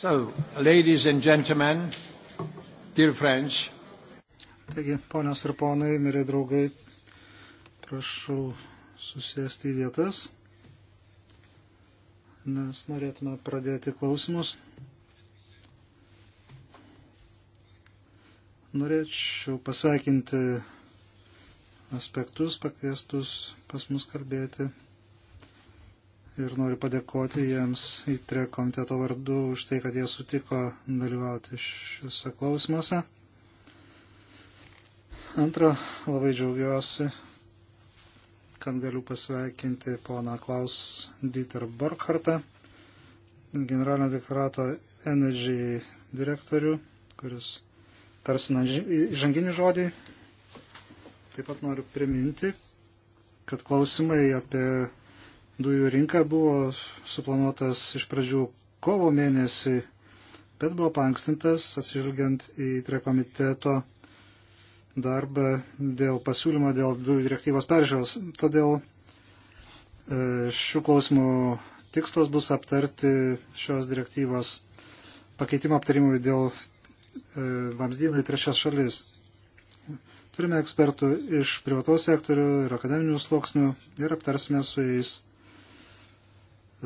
So, ladies and gentlemen, dear friends. Taigi, ponios ir ponai, mėly draugai, prašau susėsti į vietas, nes norėtume pradėti klausimus. Norėčiau pasveikinti aspektus pakviestus pas mus kalbėti ir noriu padėkoti jiems įtre komiteto vardu už tai, kad jie sutiko dalyvauti šiuose klausimuose. Antra, labai džiaugiuosi, kad galiu pasveikinti poną Klaus Dieter Borkhartą, generalinio deklarato Energy direktorių, kuris tarsi įžanginį žodį. Taip pat noriu priminti, kad klausimai apie dujų rinka buvo suplanuotas iš pradžių kovo mėnesį, bet buvo pankstintas atsižvelgiant į trekomiteto darbą dėl pasiūlymo dėl dujų direktyvos peržiūros. Todėl e, šių klausimų tikslas bus aptarti šios direktyvos pakeitimo aptarimui dėl e, vamsdynų į trečias šalis. Turime ekspertų iš privataus sektorių ir akademinių sluoksnių ir aptarsime su jais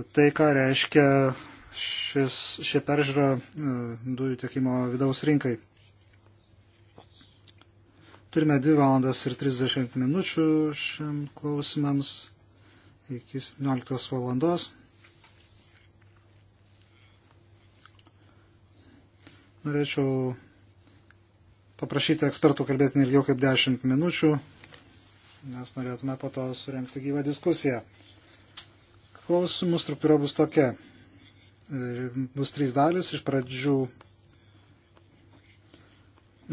tai, ką reiškia šis, šie peržiūra e, dujų tiekimo vidaus rinkai. Turime 2 valandas ir 30 minučių šiam klausimams iki 17 valandos. Norėčiau paprašyti ekspertų kalbėti ilgiau kaip 10 minučių, nes norėtume po to surenkti gyvą diskusiją. Klausimų struktūra bus tokia. E, bus trys dalis. Iš pradžių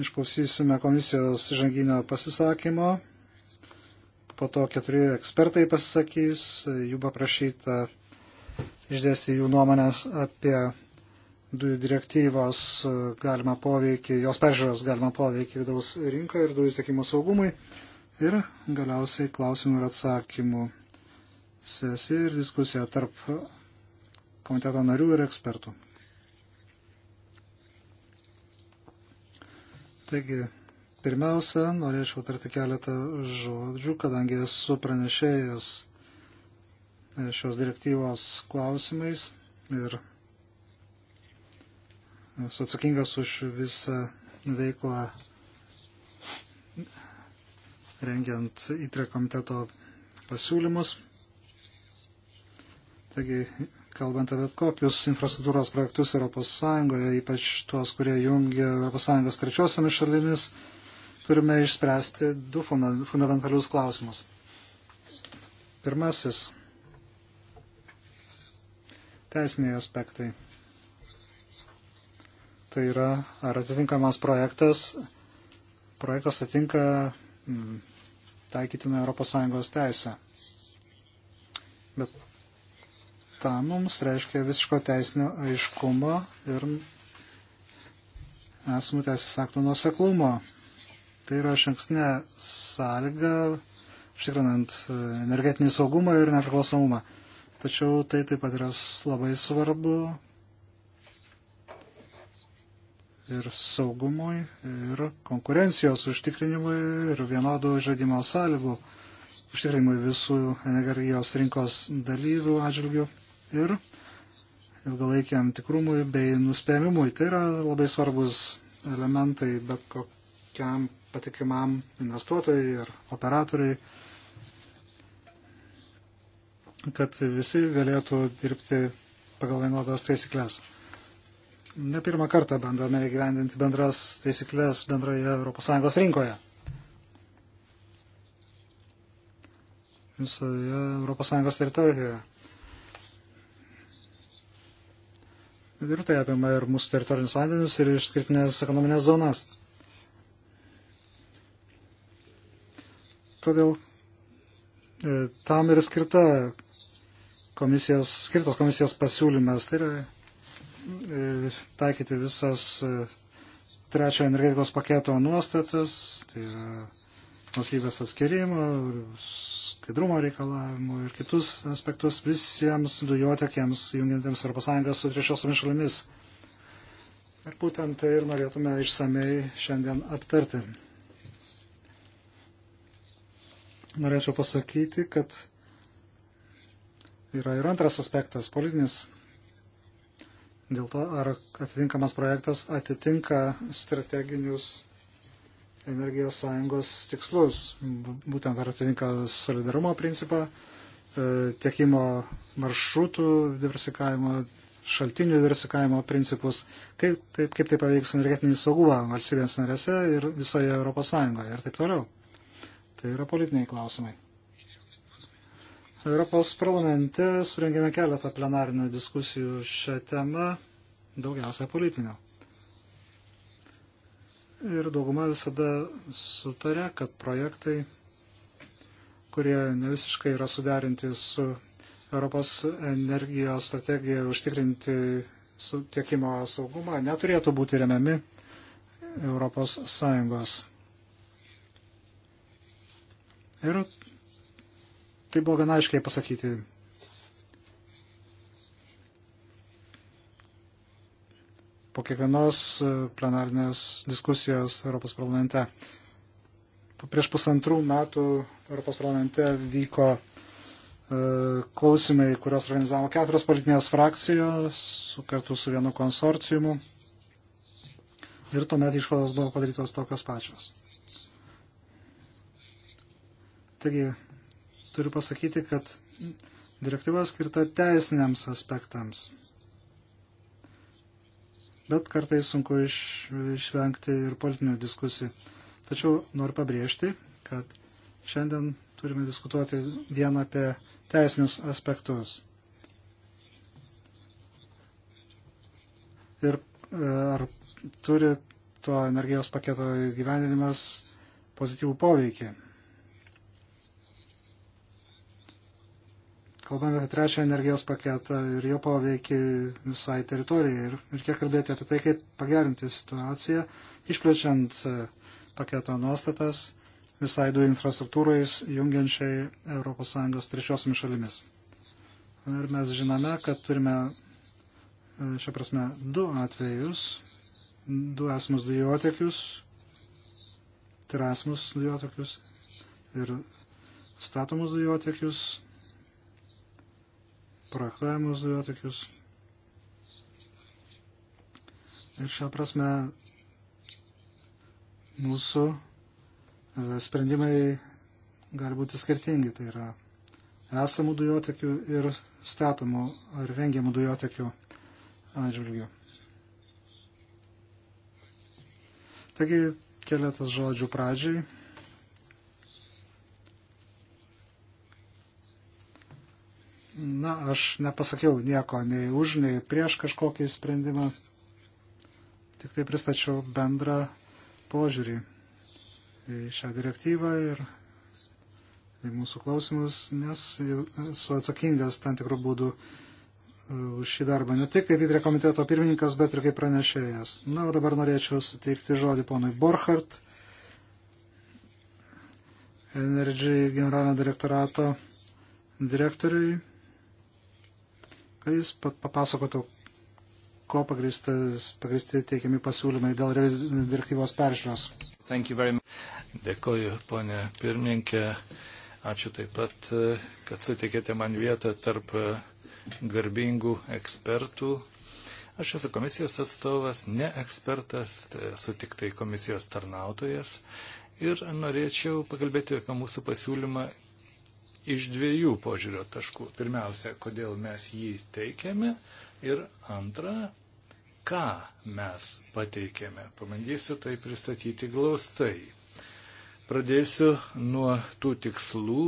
išklausysime komisijos žanginio pasisakymo. Po to keturi ekspertai pasisakys. Jų paprašyta išdėsti jų nuomonės apie dujų direktyvos galima poveikį, jos peržiūros galima poveikį vidaus rinką ir dujų tiekimo saugumui. Ir galiausiai klausimų ir atsakymų sesiją ir diskusiją tarp komiteto narių ir ekspertų. Taigi, pirmiausia, norėčiau tarti keletą žodžių, kadangi esu pranešėjęs šios direktyvos klausimais ir esu atsakingas už visą veiklą rengiant įtre komiteto pasiūlymus. Taigi, kalbant apie kokius infrastruktūros projektus ES, ypač tuos, kurie jungia ES trečiosiamis šalimis, turime išspręsti du fundamentalius klausimus. Pirmasis - teisiniai aspektai. Tai yra, ar atitinkamas projektas, projektas atitinka mm, taikytiną ES teisę. Bet tam mums reiškia visiško teisinio aiškumo ir esamų teisės aktų nuseklumo. Tai yra šankstinė sąlyga, užtikrinant e, energetinį saugumą ir nepriklausomumą. Tačiau tai taip pat yra labai svarbu ir saugumui, ir konkurencijos užtikrinimui, ir vienodų žaidimo sąlygų užtikrinimui visų energijos rinkos dalyvių atžvilgių ir ilgalaikiam tikrumui bei nuspėjimui. Tai yra labai svarbus elementai bet kokiam patikimam investuotojui ir operatoriui, kad visi galėtų dirbti pagal vienodas taisyklės. Ne pirmą kartą bandome įgyvendinti bendras taisyklės bendroje ES rinkoje. Visoje ES teritorijoje. Ir tai apima ir mūsų teritorinius vandenius, ir išskirtinės ekonominės zonas. Todėl e, tam ir skirta komisijos, skirtas komisijos pasiūlymas. Tai yra e, taikyti visas e, trečiojo energetikos paketo nuostatas, tai yra nuslybės atskirimo, skaidrumo reikalavimų ir kitus aspektus visiems dujotekiams jungiantiems Europos Sąjungą su trečiosiomis šalimis. Ir būtent tai ir norėtume išsamei šiandien aptarti. Norėčiau pasakyti, kad yra ir antras aspektas - politinis. Dėl to, ar atitinkamas projektas atitinka strateginius energijos sąjungos tikslus, būtent ar atitinka solidarumo principą, e, tiekimo maršrutų diversifikavimo, šaltinių diversifikavimo principus, kaip, taip, kaip tai paveiks energetinį saugumą valstybės narėse ir visoje Europos Sąjungoje ir taip toliau. Tai yra politiniai klausimai. Europos parlamente surengėme keletą plenarinių diskusijų šią temą, daugiausia politinio. Ir dauguma visada sutarė, kad projektai, kurie ne visiškai yra suderinti su Europos energijos strategija užtikrinti tiekimo saugumą, neturėtų būti remiami Europos Sąjungos. Ir tai buvo gana aiškiai pasakyti po kiekvienos e, plenarinės diskusijos Europos parlamente. Prieš pusantrų metų Europos parlamente vyko e, klausimai, kurios organizavo keturios politinės frakcijos kartu su vienu konsorciumu. Ir tuomet išvados buvo padarytos tokios pačios. Taigi, turiu pasakyti, kad direktyva skirta teisiniams aspektams bet kartais sunku iš, išvengti ir politinių diskusijų. Tačiau noriu pabrėžti, kad šiandien turime diskutuoti vien apie teisinius aspektus. Ir e, ar turi to energijos paketo įgyvendinimas pozityvų poveikį. Kalbame apie trečią energijos paketą ir jo poveikį visai teritorijai. Ir reikia kalbėti apie tai, kaip pagerinti situaciją, išplečiant e, paketo nuostatas visai du infrastruktūrai jungiančiai ES trečiosiomis šalimis. Ir mes žinome, kad turime, e, šia prasme, du atvejus, du esamus dujotekius, terasmus dujotekius ir statomus dujotekius projektuojamus dujotekius. Ir šią prasme mūsų e, sprendimai gali būti skirtingi. Tai yra esamų dujotekių ir statomų ar rengiamų dujotekių atžvilgių. Taigi keletas žodžių pradžiai. Na, aš nepasakiau nieko nei už, nei prieš kažkokį sprendimą, tik tai pristačiau bendrą požiūrį į šią direktyvą ir į mūsų klausimus, nes esu atsakingas tam tikrų būdų e, už šį darbą, ne tik kaip įtrė komiteto pirmininkas, bet ir kaip pranešėjas. Na, o dabar norėčiau suteikti žodį ponui Borchardt, Energy generalinio direktorato direktoriui kad jis papasakotų, ko pagristi teikiami pasiūlymai dėl direktyvos peržiūros. Dėkoju, ponė pirmininkė. Ačiū taip pat, kad suteikėte man vietą tarp garbingų ekspertų. Aš esu komisijos atstovas, ne ekspertas, tai esu tik tai komisijos tarnautojas. Ir norėčiau pakalbėti apie mūsų pasiūlymą iš dviejų požiūrio taškų. Pirmiausia, kodėl mes jį teikiame ir antra, ką mes pateikėme. Pabandysiu tai pristatyti glaustai. Pradėsiu nuo tų tikslų,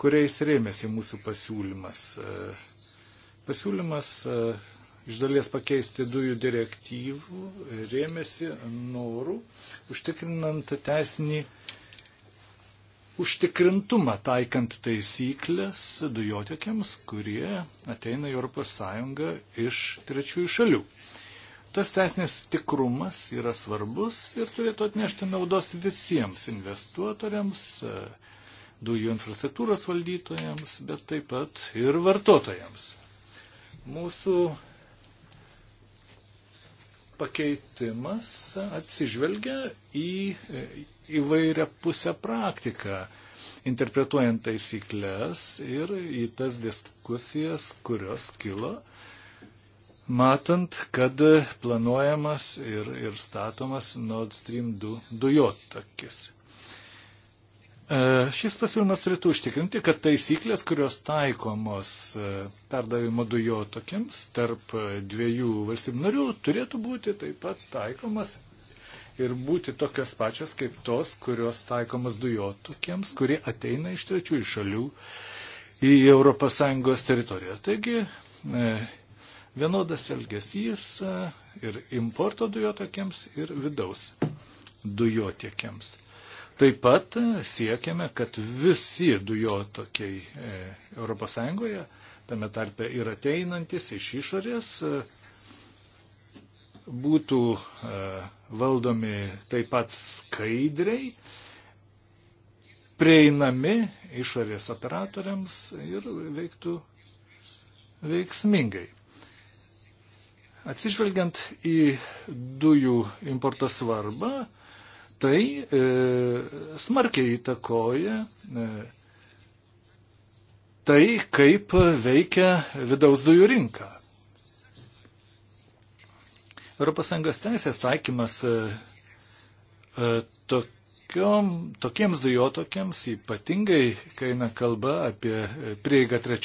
kuriais rėmėsi mūsų pasiūlymas. Pasiūlymas e, iš dalies pakeisti dujų direktyvų rėmėsi norų, užtikrinant teisinį užtikrintumą taikant taisyklės dujotiekiams, kurie ateina į ES iš trečiųjų šalių. Tas teisinės tikrumas yra svarbus ir turėtų atnešti naudos visiems investuotoriams, dujų infrastruktūros valdytojams, bet taip pat ir vartotojams. Mūsų pakeitimas atsižvelgia į įvairią pusę praktiką, interpretuojant taisyklės ir į tas diskusijas, kurios kilo, matant, kad planuojamas ir, ir statomas Nord Stream 2 dujotakis. E, šis pasiūlymas turėtų užtikrinti, kad taisyklės, kurios taikomos e, perdavimo dujotokiams tarp e, dviejų valstybių narių, turėtų būti taip pat taikomas ir būti tokios pačios kaip tos, kurios taikomas dujotokiams, kurie ateina iš trečiųjų šalių į ES teritoriją. Taigi vienodas elgesys ir importo dujotokiems, ir vidaus dujotiekiams. Taip pat siekiame, kad visi dujotokiai ES, tame tarpe ir ateinantis iš išorės, e, būtų e, valdomi taip pat skaidriai, prieinami išorės operatoriams ir veiktų veiksmingai. Atsižvelgiant į dujų importo svarbą, tai e, smarkiai įtakoja e, tai, kaip veikia vidaus dujų rinka. ES teisės taikymas e, e, tokiom, tokiems dujotokiams, ypatingai, kai eina kalba apie prieigą e,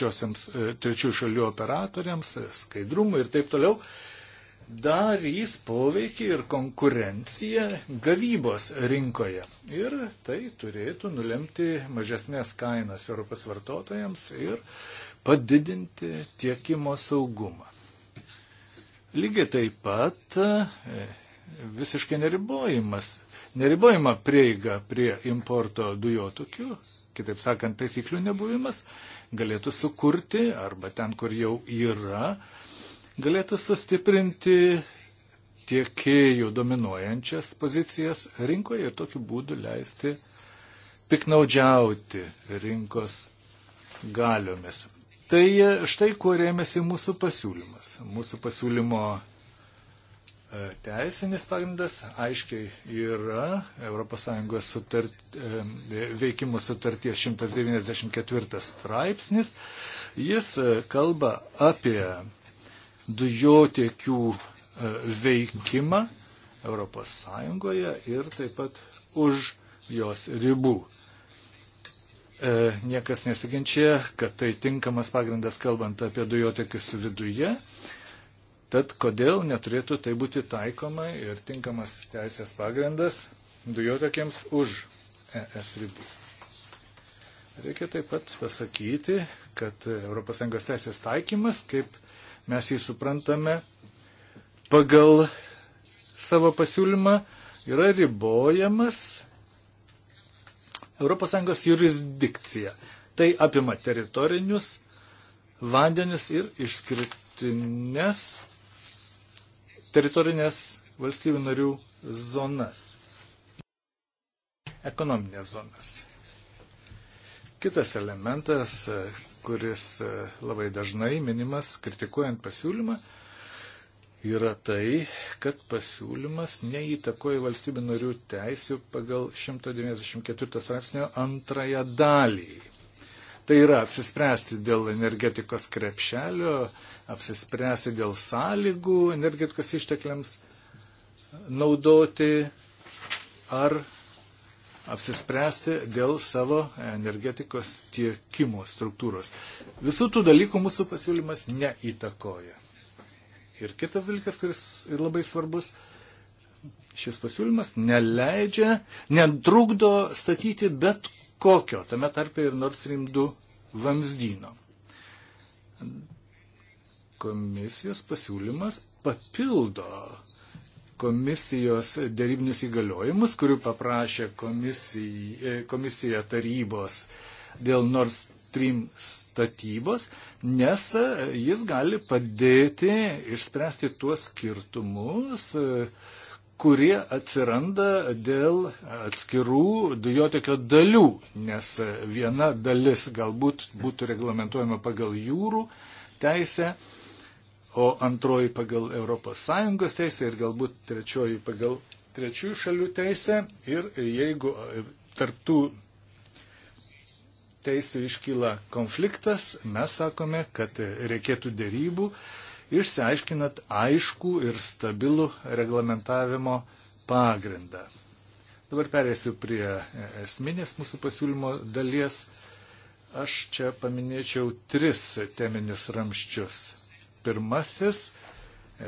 trečių šalių operatoriams, e, skaidrumą ir taip toliau, e, darys poveikį ir konkurenciją gavybos rinkoje. Ir tai turėtų nulemti mažesnės kainas Europos vartotojams ir padidinti tiekimo saugumą. Lygiai taip pat e, visiškai neribojimas, neribojama prieiga prie importo dujotokių, kitaip sakant, taisyklių nebuvimas, galėtų sukurti arba ten, kur jau yra, galėtų sustiprinti tiekėjų dominuojančias pozicijas rinkoje ir tokiu būdu leisti piknaudžiauti rinkos galiomis. Tai štai kuo rėmėsi mūsų pasiūlymas. Mūsų pasiūlymo e, teisinis pagrindas aiškiai yra ES sutart, e, veikimo sutarties 194 straipsnis. Jis e, kalba apie dujotiekių e, veikimą ES ir taip pat už jos ribų. E, niekas nesiginčia, kad tai tinkamas pagrindas kalbant apie dujotiekius viduje. Tad kodėl neturėtų tai būti taikoma ir tinkamas teisės pagrindas dujotiekiams už ES ribų. Reikia taip pat pasakyti, kad ES teisės taikymas, kaip Mes jį suprantame pagal savo pasiūlymą yra ribojamas ES jurisdikcija. Tai apima teritorinius vandenius ir išskirtinės teritorinės valstybių narių zonas. Ekonominės zonas. Kitas elementas, kuris labai dažnai minimas kritikuojant pasiūlymą, yra tai, kad pasiūlymas neįtakoja valstybių narių teisių pagal 194 straipsnio antrąją dalį. Tai yra apsispręsti dėl energetikos krepšelio, apsispręsti dėl sąlygų energetikos ištekliams naudoti ar apsispręsti dėl savo energetikos tiekimo struktūros. Visų tų dalykų mūsų pasiūlymas neįtakoja. Ir kitas dalykas, kuris labai svarbus, šis pasiūlymas neleidžia, netrukdo statyti bet kokio, tame tarpe ir Nord Stream 2 vamzdyno. Komisijos pasiūlymas papildo uh, komisijos dėrybinius įgaliojimus, kurių paprašė komisija, e, komisija tarybos dėl Nord Stream statybos, nes jis gali padėti išspręsti tuos skirtumus, e, kurie atsiranda dėl atskirų dujotekio dalių, nes viena dalis galbūt būtų reglamentuojama pagal jūrų teisę, o antroji pagal ES teisę ir galbūt trečioji pagal trečiųjų šalių teisę. Ir jeigu e, tarptų teisų iškyla konfliktas, mes sakome, kad e, reikėtų dėrybų, išsiaiškinat aišku ir stabilų reglamentavimo pagrindą. Dabar perėsiu prie e, esminės mūsų pasiūlymo dalies. Aš čia paminėčiau tris teminius ramščius pirmasis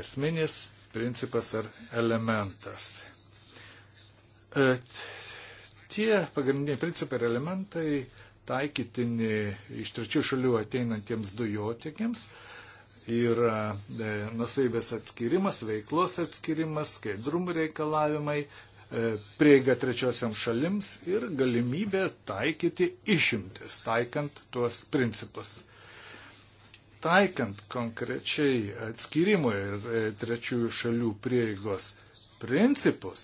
esminis principas ar elementas. E, tie pagrindiniai principai ir elementai taikytini iš trečių šalių ateinantiems dujotiekiams yra e, nusaivės atskirimas, veiklos atskirimas, skaidrumų reikalavimai, e, prieiga trečiosiam šalims ir galimybė taikyti išimtis, taikant tuos principus taikant konkrečiai atskirimo ir e, trečiųjų šalių prieigos principus,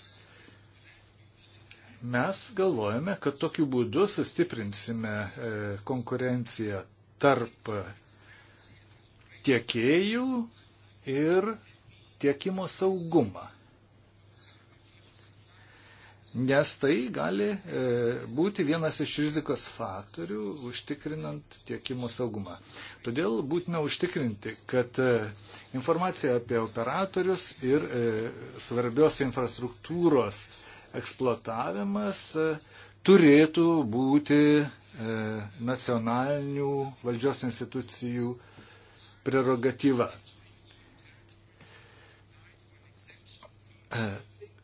mes galvojame, kad tokiu būdu sustiprinsime e, konkurenciją tarp tiekėjų ir tiekimo saugumą nes tai gali e, būti vienas iš rizikos faktorių užtikrinant tiekimo saugumą. Todėl būtina užtikrinti, kad e, informacija apie operatorius ir e, svarbios infrastruktūros eksploatavimas turėtų būti nacionalinių valdžios institucijų prerogatyva.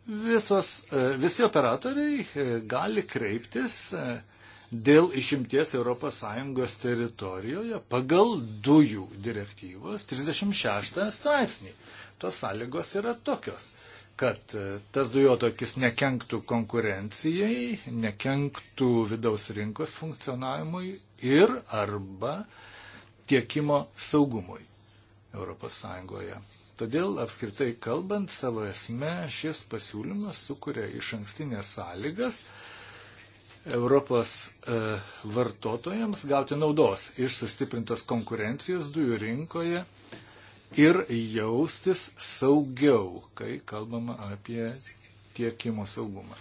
Visos, e, visi operatoriai e, gali kreiptis e, dėl išimties ES teritorijoje pagal dujų direktyvos 36 straipsnį. Tos sąlygos yra tokios, kad tas dujotokis nekenktų konkurencijai, nekenktų vidaus rinkos funkcionavimui ir arba tiekimo saugumui ES. Todėl, apskritai kalbant, savo esme šis pasiūlymas sukuria iš ankstinės sąlygas Europos e, vartotojams gauti naudos iš sustiprintos konkurencijos dujų rinkoje ir jaustis saugiau, kai kalbama apie tiekimo saugumą.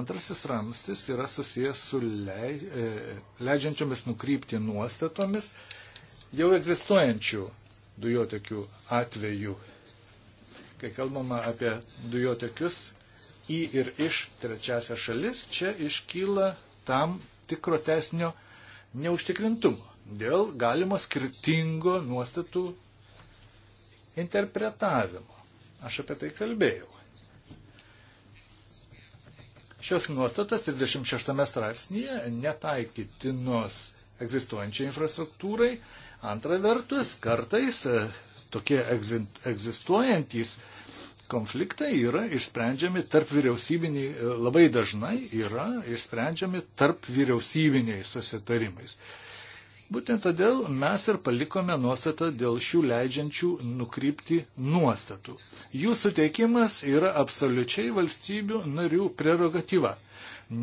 Antrasis ramstis yra susijęs su e, leidžiančiomis nukrypti nuostatomis jau egzistuojančių dujotekių atveju. Kai kalbama apie dujotekius į ir iš trečiasią šalis, čia iškyla tam tikro tesnio neužtikrintumo dėl galimo skirtingo nuostatų interpretavimo. Aš apie tai kalbėjau. Šios nuostatos 36 straipsnėje netaikytinos egzistuojančiai infrastruktūrai Antra vertus, kartais e, tokie egzistuojantys konfliktai yra išsprendžiami tarp vyriausybiniai, e, labai dažnai yra išsprendžiami tarp vyriausybiniais susitarimais. Būtent todėl mes ir palikome nuostatą dėl šių leidžiančių nukrypti nuostatų. Jų suteikimas yra absoliučiai valstybių narių prerogatyva.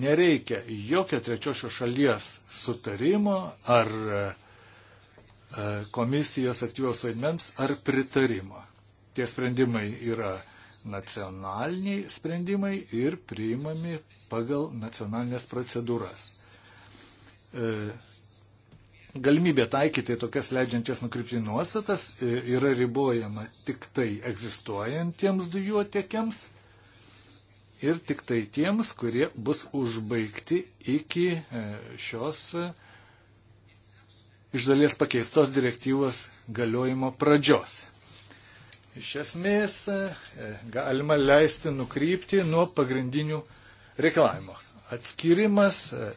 Nereikia jokio trečiosios šalies sutarimo ar e, E, komisijos aktyvios vaidmens ar pritarimo. Tie sprendimai yra nacionaliniai sprendimai ir priimami pagal nacionalinės procedūras. E, galimybė taikyti tokias leidžiančias nukrypti nuostatas e, yra ribojama tik tai egzistuojantiems dujotiekiams ir tik tai tiems, kurie bus užbaigti iki šios iš dalies pakeistos direktyvos galiojimo pradžios. Iš esmės e, galima leisti nukrypti nuo pagrindinių reikalavimo. Atskirimas, e,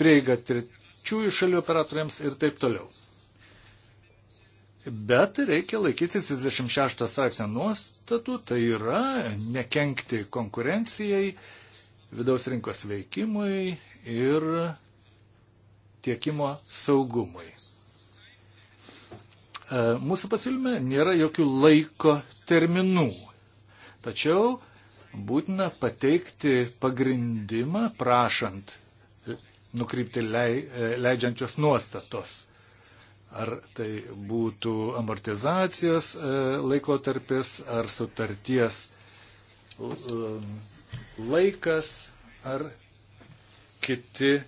prieiga trečiųjų šalių operatoriams ir taip toliau. Bet reikia laikytis 36 straipsnio nuostatų, tai yra nekenkti konkurencijai, vidaus rinkos veikimui ir tiekimo saugumui. E, mūsų pasiūlyme nėra jokių laiko terminų, tačiau būtina pateikti pagrindimą prašant nukrypti e, leidžiančios nuostatos. Ar tai būtų amortizacijos e, laikotarpis, ar sutarties laikas, ar kiti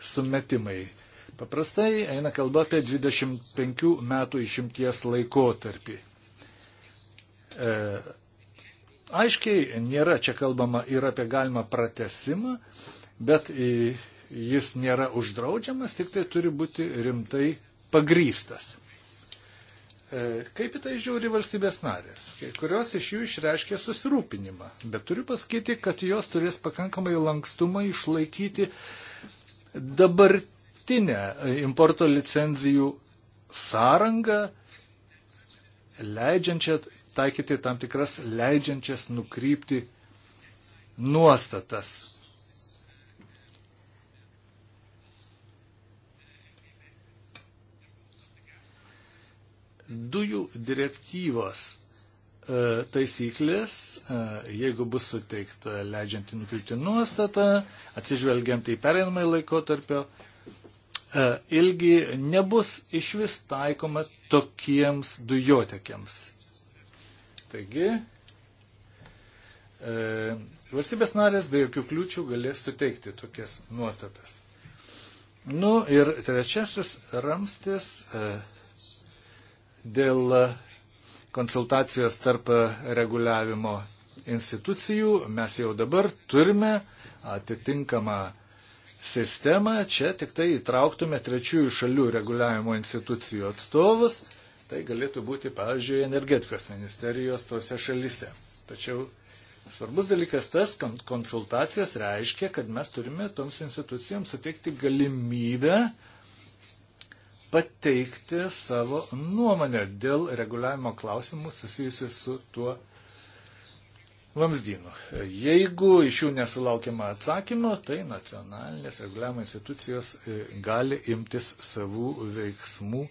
sumetimai. Paprastai eina kalba apie 25 metų išimties laikotarpį. E, aiškiai nėra čia kalbama ir apie galimą pratesimą, bet jis nėra uždraudžiamas, tik tai turi būti rimtai pagrystas. E, kaip į tai žiūri valstybės narės? Kai kurios iš jų išreiškė susirūpinimą, bet turiu pasakyti, kad jos turės pakankamai lankstumą išlaikyti uh, dabartinę importo licenzijų sąrangą, leidžiančią taikyti tam tikras leidžiančias nukrypti nuostatas. Dujų direktyvos E, taisyklės, e, jeigu bus suteikta leidžianti nukriūti nuostata, atsižvelgiant į pereinamąjį laikotarpio e, ilgi, nebus iš vis taikoma tokiems dujotekiams. Taigi, valstybės narės be jokių kliūčių galės suteikti tokias nuostatas. Nu ir trečiasis ramstis dėl konsultacijos tarp reguliavimo institucijų. Mes jau dabar turime atitinkamą sistemą, čia tik tai įtrauktume trečiųjų šalių reguliavimo institucijų atstovus. Tai galėtų būti, pavyzdžiui, energetikos ministerijos tose šalise. Tačiau svarbus dalykas tas, konsultacijos reiškia, kad mes turime toms institucijoms suteikti galimybę uh, pateikti savo nuomonę dėl reguliavimo klausimų susijusių su tuo vamzdynu. Jeigu iš jų nesulaukiama atsakymo, tai nacionalinės reguliavimo institucijos e, gali imtis savų veiksmų,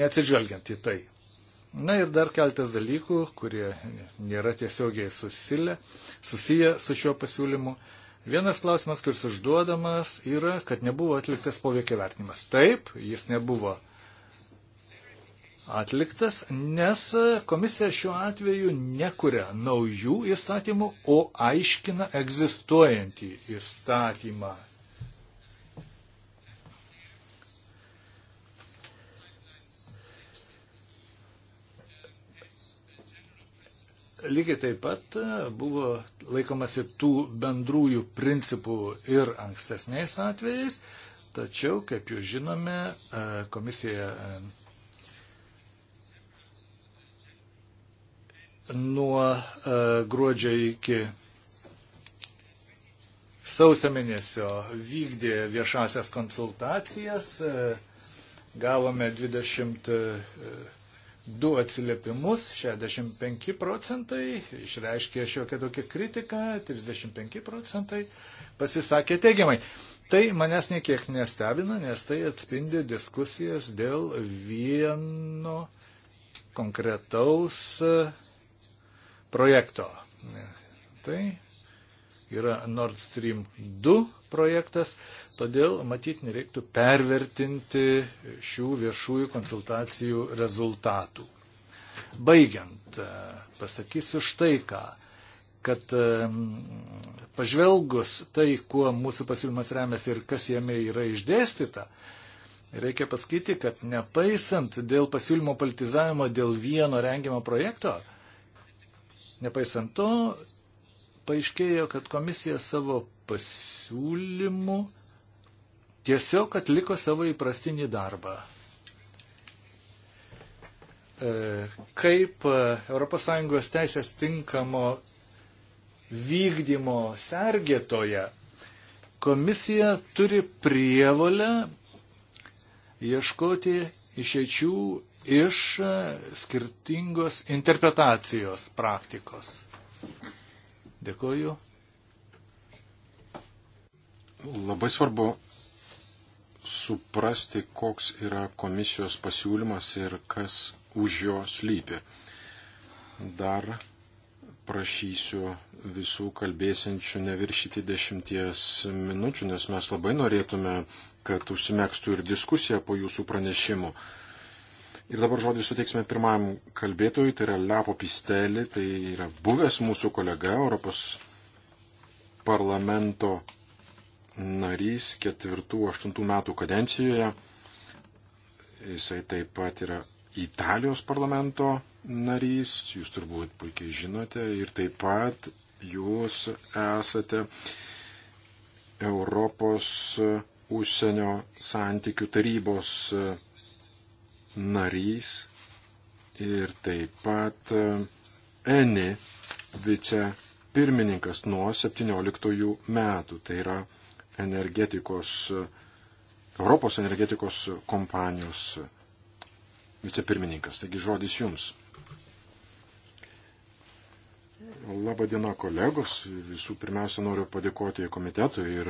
neatsižvelgiant į tai. Na ir dar keltas dalykų, kurie nėra tiesiogiai susilę, susiję su šiuo pasiūlymu. Vienas klausimas, kuris užduodamas, yra, kad nebuvo atliktas poveikio vertinimas. Taip, jis nebuvo atliktas, nes komisija šiuo atveju nekuria naujų įstatymų, o aiškina egzistuojantį įstatymą. Lygiai taip pat e, buvo laikomasi tų bendrųjų principų ir ankstesniais atvejais, tačiau, kaip jūs žinome, e, komisija e, nuo gruodžio iki sausio mėnesio vykdė viešasias konsultacijas, gavome 20 du atsiliepimus, 65 procentai išreiškė šiokią tokią kritiką, 35 procentai pasisakė teigiamai. Tai manęs niekiek nestebina, nes tai atspindi diskusijas dėl vieno konkretaus e, projekto. Tai yra Nord Stream 2 projektas, todėl matyt nereiktų pervertinti šių viešųjų konsultacijų rezultatų. Baigiant, e, pasakysiu štai ką kad e, pažvelgus tai, kuo mūsų pasiūlymas remiasi ir kas jame yra išdėstyta, reikia pasakyti, kad nepaisant dėl pasiūlymo politizavimo dėl vieno rengimo projekto, nepaisant to, paaiškėjo, kad komisija savo pasiūlymų, tiesiog atliko savo įprastinį darbą. E, kaip ES teisės tinkamo vykdymo sergėtoje komisija turi prievolę ieškoti išečių iš e, skirtingos interpretacijos praktikos. Dėkoju. Labai svarbu suprasti, koks yra komisijos pasiūlymas ir kas už jo slypi. Dar prašysiu visų kalbėsinčių neviršyti dešimties minučių, nes mes labai norėtume, kad užsimėgstų ir diskusija po jūsų pranešimų. Ir dabar žodį suteiksime pirmam kalbėtojui, tai yra Lepo Pistelį, tai yra buvęs mūsų kolega Europos parlamento narys 4-8 metų kadencijoje. Jisai taip pat yra Italijos parlamento narys, jūs turbūt puikiai žinote, ir taip pat jūs esate Europos užsienio santykių tarybos narys ir taip pat ENI vicepirmininkas nuo 17 metų. Tai yra energetikos, Europos energetikos kompanijos vicepirmininkas. Taigi žodis jums. Labadiena kolegos. Visų pirmiausia noriu padėkoti komitetui ir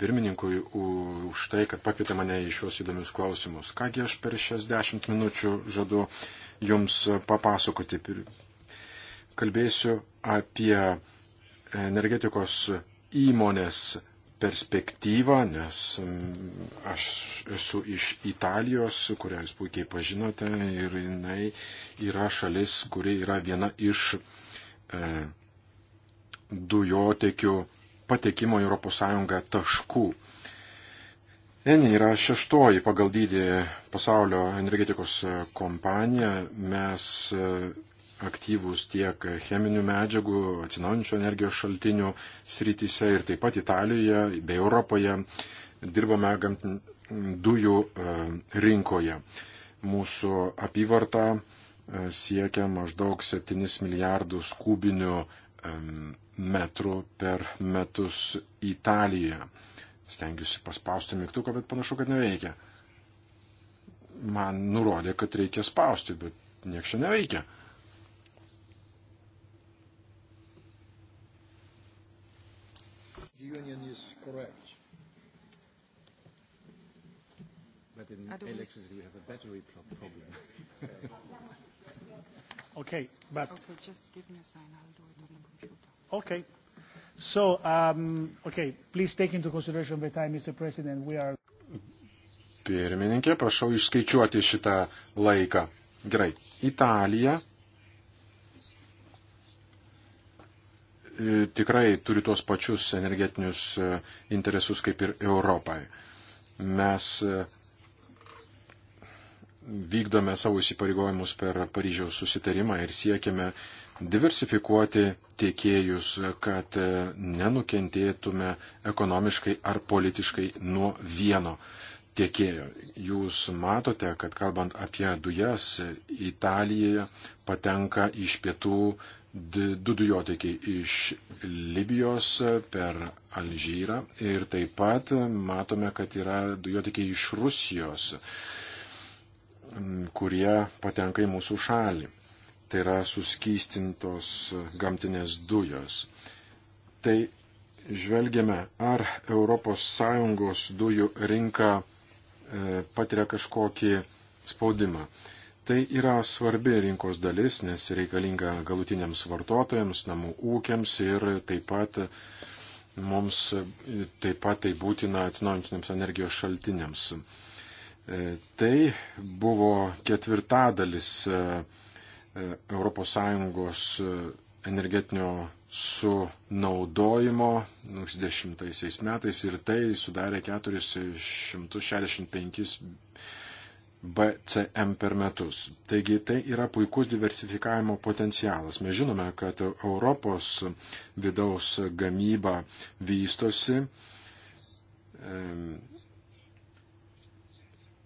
pirmininkui už tai, kad pakvietė mane į šios įdomius klausimus. Kągi aš per šias dešimt minučių žadu jums papasakoti. Kalbėsiu apie energetikos įmonės perspektyvą, nes mm, aš esu iš Italijos, kurią jūs puikiai pažinote, ir jinai yra šalis, kuri yra viena iš e, dujotekių patekimo į ES taškų. Eni yra šeštoji pagal dydį pasaulio energetikos kompanija. Mes e, aktyvūs tiek cheminių medžiagų, atsinaujančių energijos šaltinių srityse ir taip pat Italijoje bei Europoje dirbame dujų e, rinkoje. Mūsų apyvarta e, siekia maždaug 7 milijardus kubinių e, metrų per metus Italijoje. Stengiuosi paspausti mygtuką, bet panašu, kad neveikia. Man nurodė, kad reikia spausti, bet niekas čia neveikia. union is correct. But in electricity, we have a battery problem. okay, but. Okay, just give me a sign. I'll do it on the computer. Okay. So, um, okay, please take into consideration the time, Mr. President. We are. Pirmininkė, prašau išskaičiuoti šitą laiką. Gerai. Italija E, tikrai turi tuos pačius energetinius e, interesus kaip ir Europai. Mes e, vykdome savo įsipareigojimus per Paryžiaus susitarimą ir siekiame diversifikuoti tiekėjus, kad nenukentėtume ekonomiškai ar politiškai nuo vieno tiekėjo. Jūs matote, kad kalbant apie dujas, Italija patenka iš pietų du dujotiekiai iš Libijos per Alžyrą ir taip pat matome, kad yra dujotiekiai iš Rusijos, kurie patenka į mūsų šalį. Tai yra suskystintos gamtinės dujos. Tai žvelgiame, ar ES dujų rinka e, patiria kažkokį spaudimą. Tai yra svarbi rinkos dalis, nes reikalinga galutiniams vartotojams, namų ūkiams ir taip pat mums taip pat tai būtina atsinaujantiniams energijos šaltiniams. E, tai buvo ketvirtadalis ES e, energetinio sunaudojimo 2010 metais ir tai sudarė 465 BCM per metus. Taigi tai yra puikus diversifikavimo potencialas. Mes žinome, kad Europos vidaus gamyba vystosi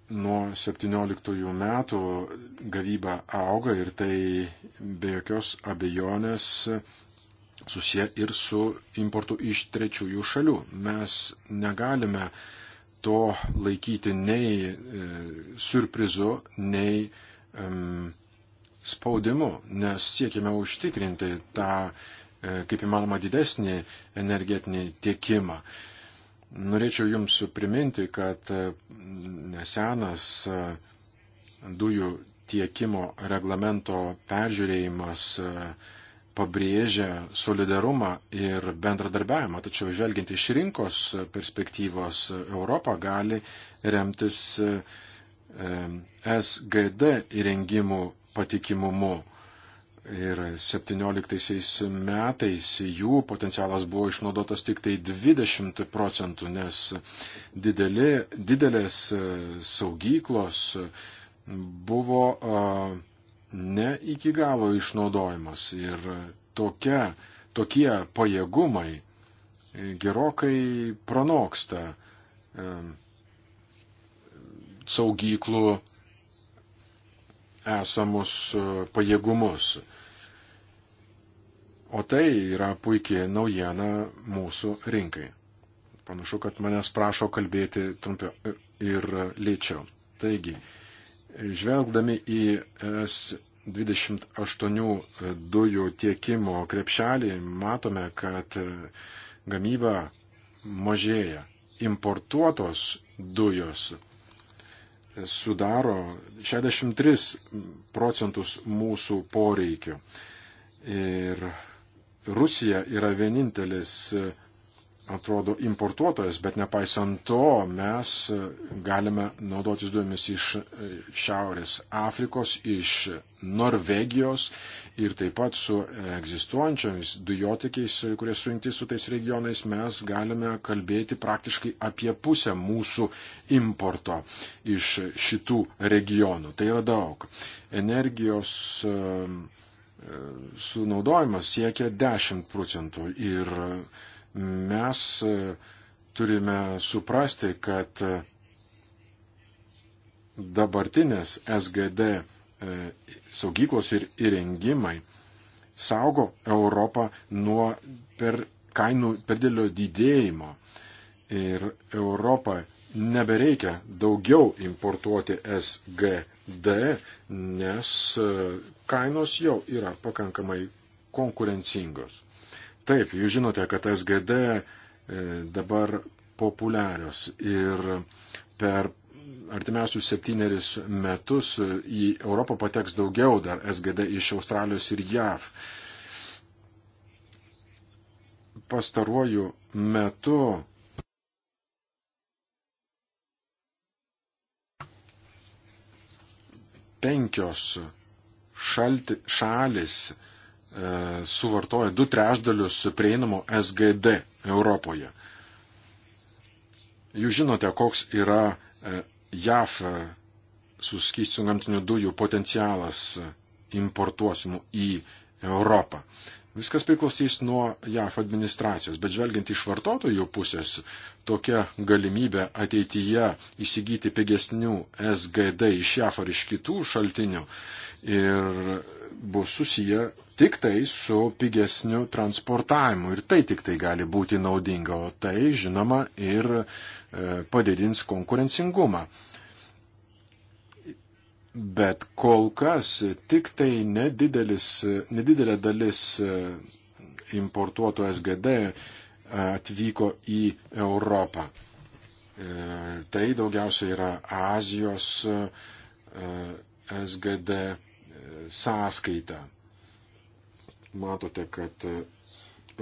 nuo 17 metų gavyba auga ir tai be jokios abejonės susiję ir su importu iš trečiųjų šalių. Mes negalime uh, to laikyti nei e, surprizu, nei um, spaudimu, nes siekime užtikrinti tą e, kaip įmanoma didesnį energetinį tiekimą. Norėčiau Jums priminti, kad e, nesenas dujų tiekimo reglamento peržiūrėjimas uh, pabrėžia solidarumą ir bendradarbiavimą, tačiau žvelgiant iš rinkos perspektyvos Europą gali remtis SGD įrengimų patikimumu. Ir 17 metais jų potencialas buvo išnaudotas tik tai 20 procentų, nes dideli, didelės e, saugyklos buvo uh, ne iki galo išnaudojamas ir tokia, tokie pajėgumai gerokai pranoksta saugyklų esamus e, pajėgumus. O tai yra puikiai naujiena mūsų rinkai. Panašu, kad manęs prašo kalbėti trumpiau ir lėčiau. Taigi, žvelgdami į S28 dujų tiekimo krepšelį, matome, kad gamyba mažėja. Importuotos dujos sudaro 63 procentus mūsų poreikių. Ir Rusija yra vienintelis uh, atrodo importuotojas, bet nepaisant to mes galime naudotis dujomis iš e, Šiaurės Afrikos, iš Norvegijos ir taip pat su egzistuojančiomis dujotikiais, kurie sujungti su tais regionais, mes galime kalbėti praktiškai apie pusę mūsų importo iš šitų regionų. Tai yra daug. Energijos e, e, sunaudojimas siekia 10 procentų ir Mes e, turime suprasti, kad e, dabartinės SGD e, saugyklos ir įrengimai saugo Europą nuo per kainų perdėlio didėjimo. Ir Europą nebereikia daugiau importuoti SGD, nes kainos jau yra pakankamai konkurencingos. Taip, jūs žinote, kad SGD e, dabar populiarios ir per artimiausius septynerius metus į Europą pateks daugiau dar SGD iš Australijos ir JAV. Pastaruoju metu penkios šalti, šalis E, suvartoja du trešdalius prieinamo SGD Europoje. Jūs žinote, koks yra e, JAF e, suskystų gamtinių dujų potencialas importuosimų į Europą. Viskas priklausys nuo JAF administracijos, bet žvelgiant iš vartotojų pusės, tokia galimybė ateityje įsigyti pigesnių SGD iš JAF ar iš kitų šaltinių ir bus susiję tik tai su pigesniu transportavimu. Ir tai tik tai gali būti naudinga, o tai, žinoma, ir e, padidins konkurencingumą. Bet kol kas tik tai nedidelis, nedidelė dalis e, importuotų SGD e, atvyko į Europą. Tai daugiausia yra Azijos SGD sąskaita matote, kad e,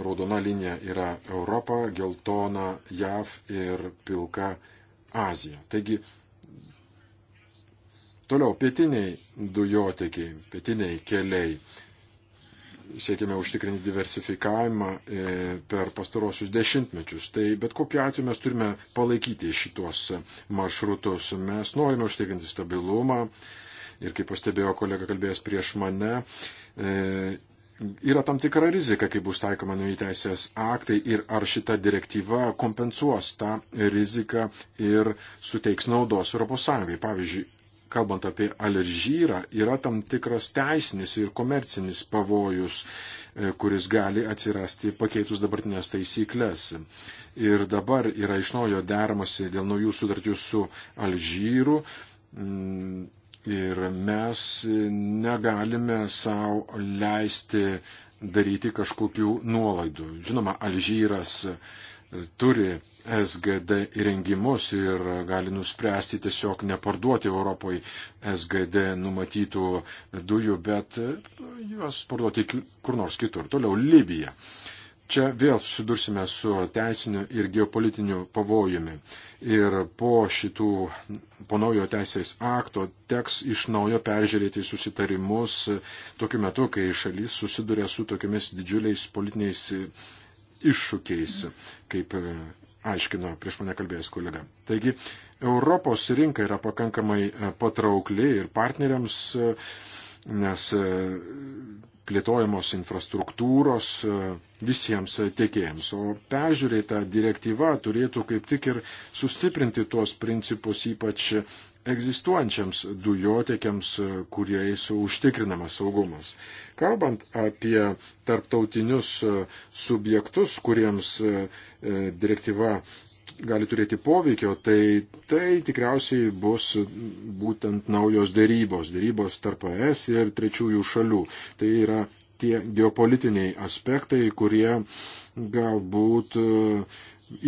raudona linija yra Europa, geltona JAV ir pilka Azija. Taigi, toliau pietiniai dujotekiai, pietiniai keliai. Siekime užtikrinti diversifikavimą e, per pastarosius dešimtmečius. Tai bet kokiu atveju mes turime palaikyti šitos maršrutus. Mes norime užtikrinti stabilumą, ir kaip pastebėjo kolega kalbėjęs prieš mane, e, yra tam tikra rizika, kai bus taikoma nauji teisės aktai ir ar šita direktyva kompensuos tą riziką ir suteiks naudos ES. Pavyzdžiui, kalbant apie alergyrą, yra tam tikras teisinis ir komercinis pavojus, e, kuris gali atsirasti pakeitus dabartinės taisyklės. Ir dabar yra iš naujo deramasi dėl naujų sutarčių su Alžyru mm, Ir mes negalime savo leisti daryti kažkokių nuolaidų. Žinoma, Alžyras e, turi SGD įrengimus ir gali nuspręsti tiesiog neparduoti Europoje SGD numatytų dujų, bet e, juos parduoti kur nors kitur. Toliau Libija. Čia vėl susidursime su teisiniu ir geopolitiniu pavojumi. Ir po šitų, po naujo teisės akto teks iš naujo peržiūrėti susitarimus tokiu metu, kai šalis susiduria su tokiamis didžiuliais politiniais iššūkiais, kaip aiškino prieš mane kalbėjęs kolega. Taigi, Europos rinka yra pakankamai patraukli ir partneriams nes plėtojamos infrastruktūros e, visiems tiekėjams. O peržiūrėta direktyva turėtų kaip tik ir sustiprinti tuos principus ypač egzistuojančiams dujotekiams, e, kuriais užtikrinamas saugumas. Kalbant apie tarptautinius e, subjektus, kuriems direktyva gali turėti poveikio, tai tai tikriausiai bus būtent naujos dėrybos, dėrybos tarp ES ir trečiųjų šalių. Tai yra tie geopolitiniai aspektai, kurie galbūt e,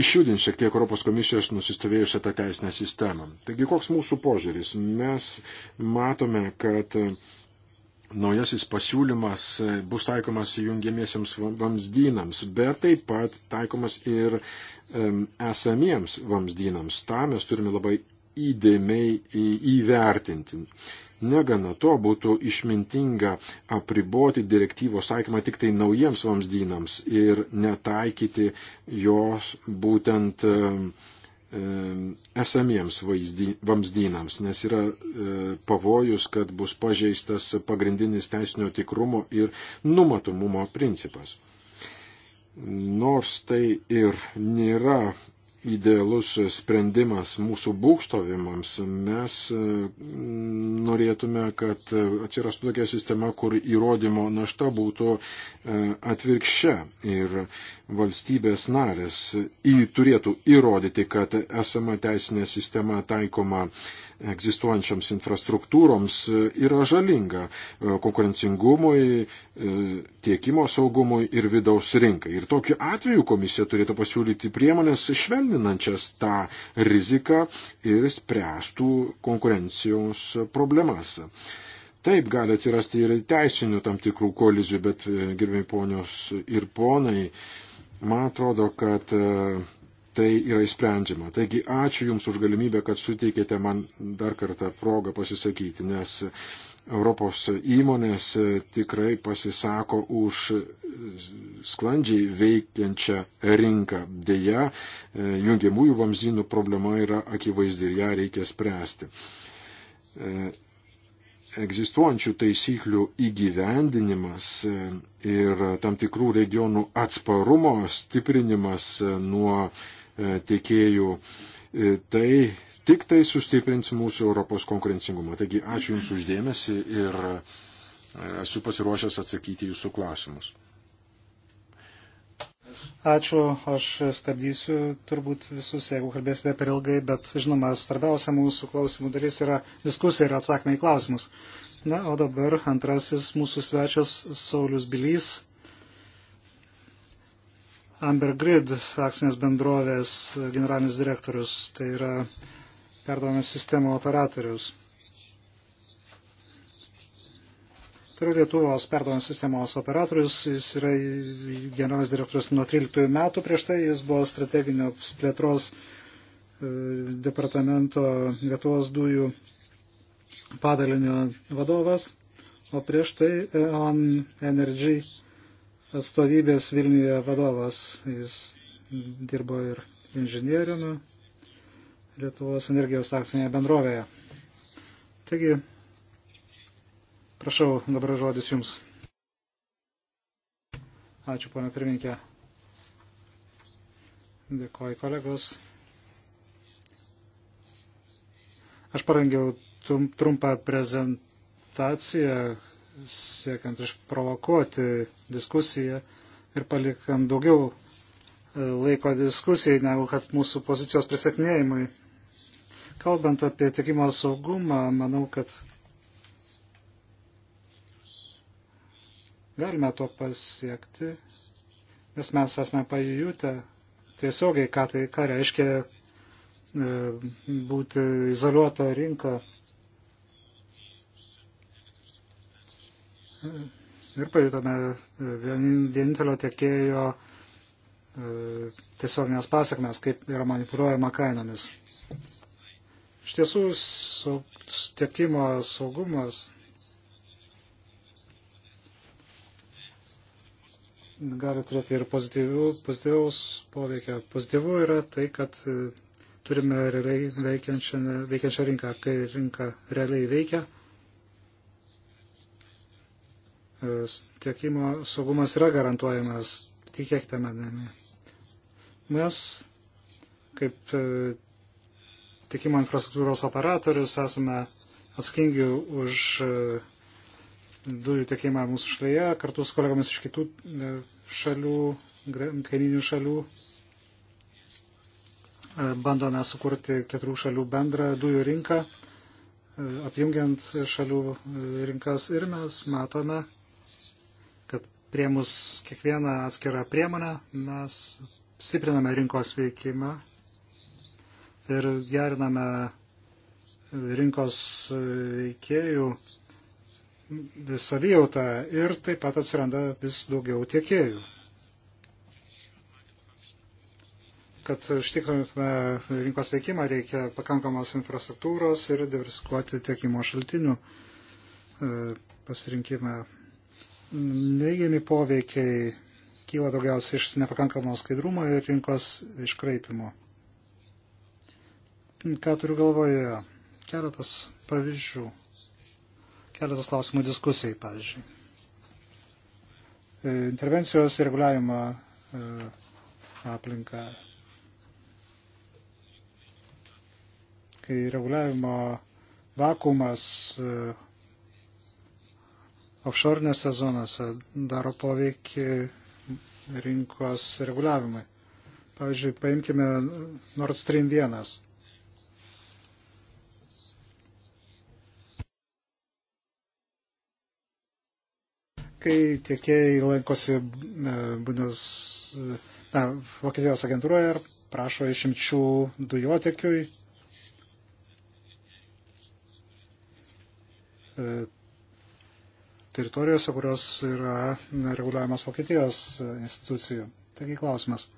išjudins šiek tiek Europos komisijos nusistovėjusią tą teisinę sistemą. Taigi koks mūsų požiūris? Mes matome, kad naujasis pasiūlymas bus taikomas jungiamiesiems vamzdynams, bet taip pat taikomas ir esamiems vamzdynams. Ta mes turime labai įdėmiai įvertinti. Negana to būtų išmintinga apriboti direktyvos taikymą tik tai naujiems vamzdynams ir netaikyti jos būtent esamiems vamzdynams, nes yra e, pavojus, kad bus pažeistas pagrindinis teisinio tikrumo ir numatomumo principas. Nors tai ir nėra idealus sprendimas mūsų būkštovimams, mes norėtume, kad e, atsirastų tokia sistema, kur įrodymo našta būtų e, atvirkščia ir valstybės narės į, turėtų įrodyti, kad esama teisinė sistema taikoma egzistuojančiams infrastruktūroms e, yra žalinga konkurencingumui, tiekimo saugumui ir vidaus rinkai. Ir tokiu atveju komisija turėtų pasiūlyti priemonės švelninančias tą riziką ir spręstų konkurencijos problemą problemas. Taip, gali atsirasti ir teisinių tam tikrų kolizijų, bet, e, gerbėjai ponios ir ponai, man atrodo, kad e, tai yra įsprendžiama. Taigi, ačiū Jums už galimybę, kad suteikėte man dar kartą progą pasisakyti, nes Europos įmonės e, tikrai pasisako už sklandžiai veikiančią rinką. Deja, jungiamųjų vamzdynų problema yra akivaizdi ir ją reikia spręsti egzistuojančių taisyklių įgyvendinimas e, ir tam tikrų regionų atsparumo stiprinimas e, nuo e, tiekėjų, tai tik tai sustiprins mūsų Europos konkurencingumą. Taigi ačiū Jums uždėmesi ir esu pasiruošęs atsakyti Jūsų klausimus. Ačiū, aš stabdysiu turbūt visus, jeigu kalbėsite per ilgai, bet žinoma, svarbiausia mūsų klausimų dalis yra diskusija ir atsakymai į klausimus. Na, o dabar antrasis mūsų svečias Saulis Bilys, Ambergrid akcinės bendrovės generalinis direktorius, tai yra perdomas sistemo operatorius. Tai yra Lietuvos perdonų sistemos operatorius, jis yra generalinis direktorius nuo 13 metų, prieš tai jis buvo strateginio plėtros e, departamento Lietuvos dujų padalinio vadovas, o prieš tai EON Energy atstovybės Vilniuje vadovas. Jis dirbo ir inžinieriumi Lietuvos energijos akcinėje bendrovėje. Taigi, Prašau, dabar žodis Jums. Ačiū, ponia pirminkė. Dėkoju, kolegos. Aš parengiau trumpą prezentaciją, siekiant išprovokuoti diskusiją ir palikant daugiau e, laiko diskusijai, negu kad mūsų pozicijos pristatinėjimui. Kalbant apie tiekimo saugumą, manau, kad Galime to pasiekti, nes mes esame pajutę tiesiogiai, ką, tai, ką reiškia e, būti izoliuota rinka. Ir pajutome e, vienintelio tiekėjo e, tiesioginės pasiekmes, kaip yra manipuliuojama kainomis. Iš tiesų, su, tiekimo saugumas gali turėti ir pozityvaus poveikio. Pozityvų yra tai, kad e, turime realiai veikiančią, veikiančią rinką. Kai rinka realiai veikia, e, tiekimo saugumas yra garantuojamas, tikėkite manimi. Mes, kaip e, tikimo infrastruktūros operatorius, esame atsakingi už dujų tiekimą mūsų šalyje, kartu su kolegomis iš kitų e, šalių, kaiminių šalių. E, bandome sukurti keturių šalių bendrą dujų rinką, e, apjungiant šalių rinkas ir mes matome, kad prie mus kiekvieną atskirą priemonę mes stipriname rinkos veikimą ir geriname rinkos veikėjų savijautą ir taip pat atsiranda vis daugiau tiekėjų. Kad užtikrintume rinkos veikimą, reikia pakankamos infrastruktūros ir diversifikuoti tiekimo šaltinių e, pasirinkimą. Neigiami poveikiai kyla daugiausiai iš nepakankamo skaidrumo ir rinkos iškraipimo. Ką turiu galvoje? Keletas pavyzdžių keletas klausimų diskusijai, pavyzdžiui. E, intervencijos reguliavimo e, aplinką. Kai reguliavimo vakumas e, offshore'nėse zonose daro poveikį rinkos reguliavimui. Pavyzdžiui, paimkime Nord Stream 1 kai tiekėjai lankosi e, Buenos na, Vokietijos agentūroje ir prašo išimčių dujotekiui. E, teritorijose, kurios yra reguliuojamas Vokietijos institucijų. Taigi klausimas.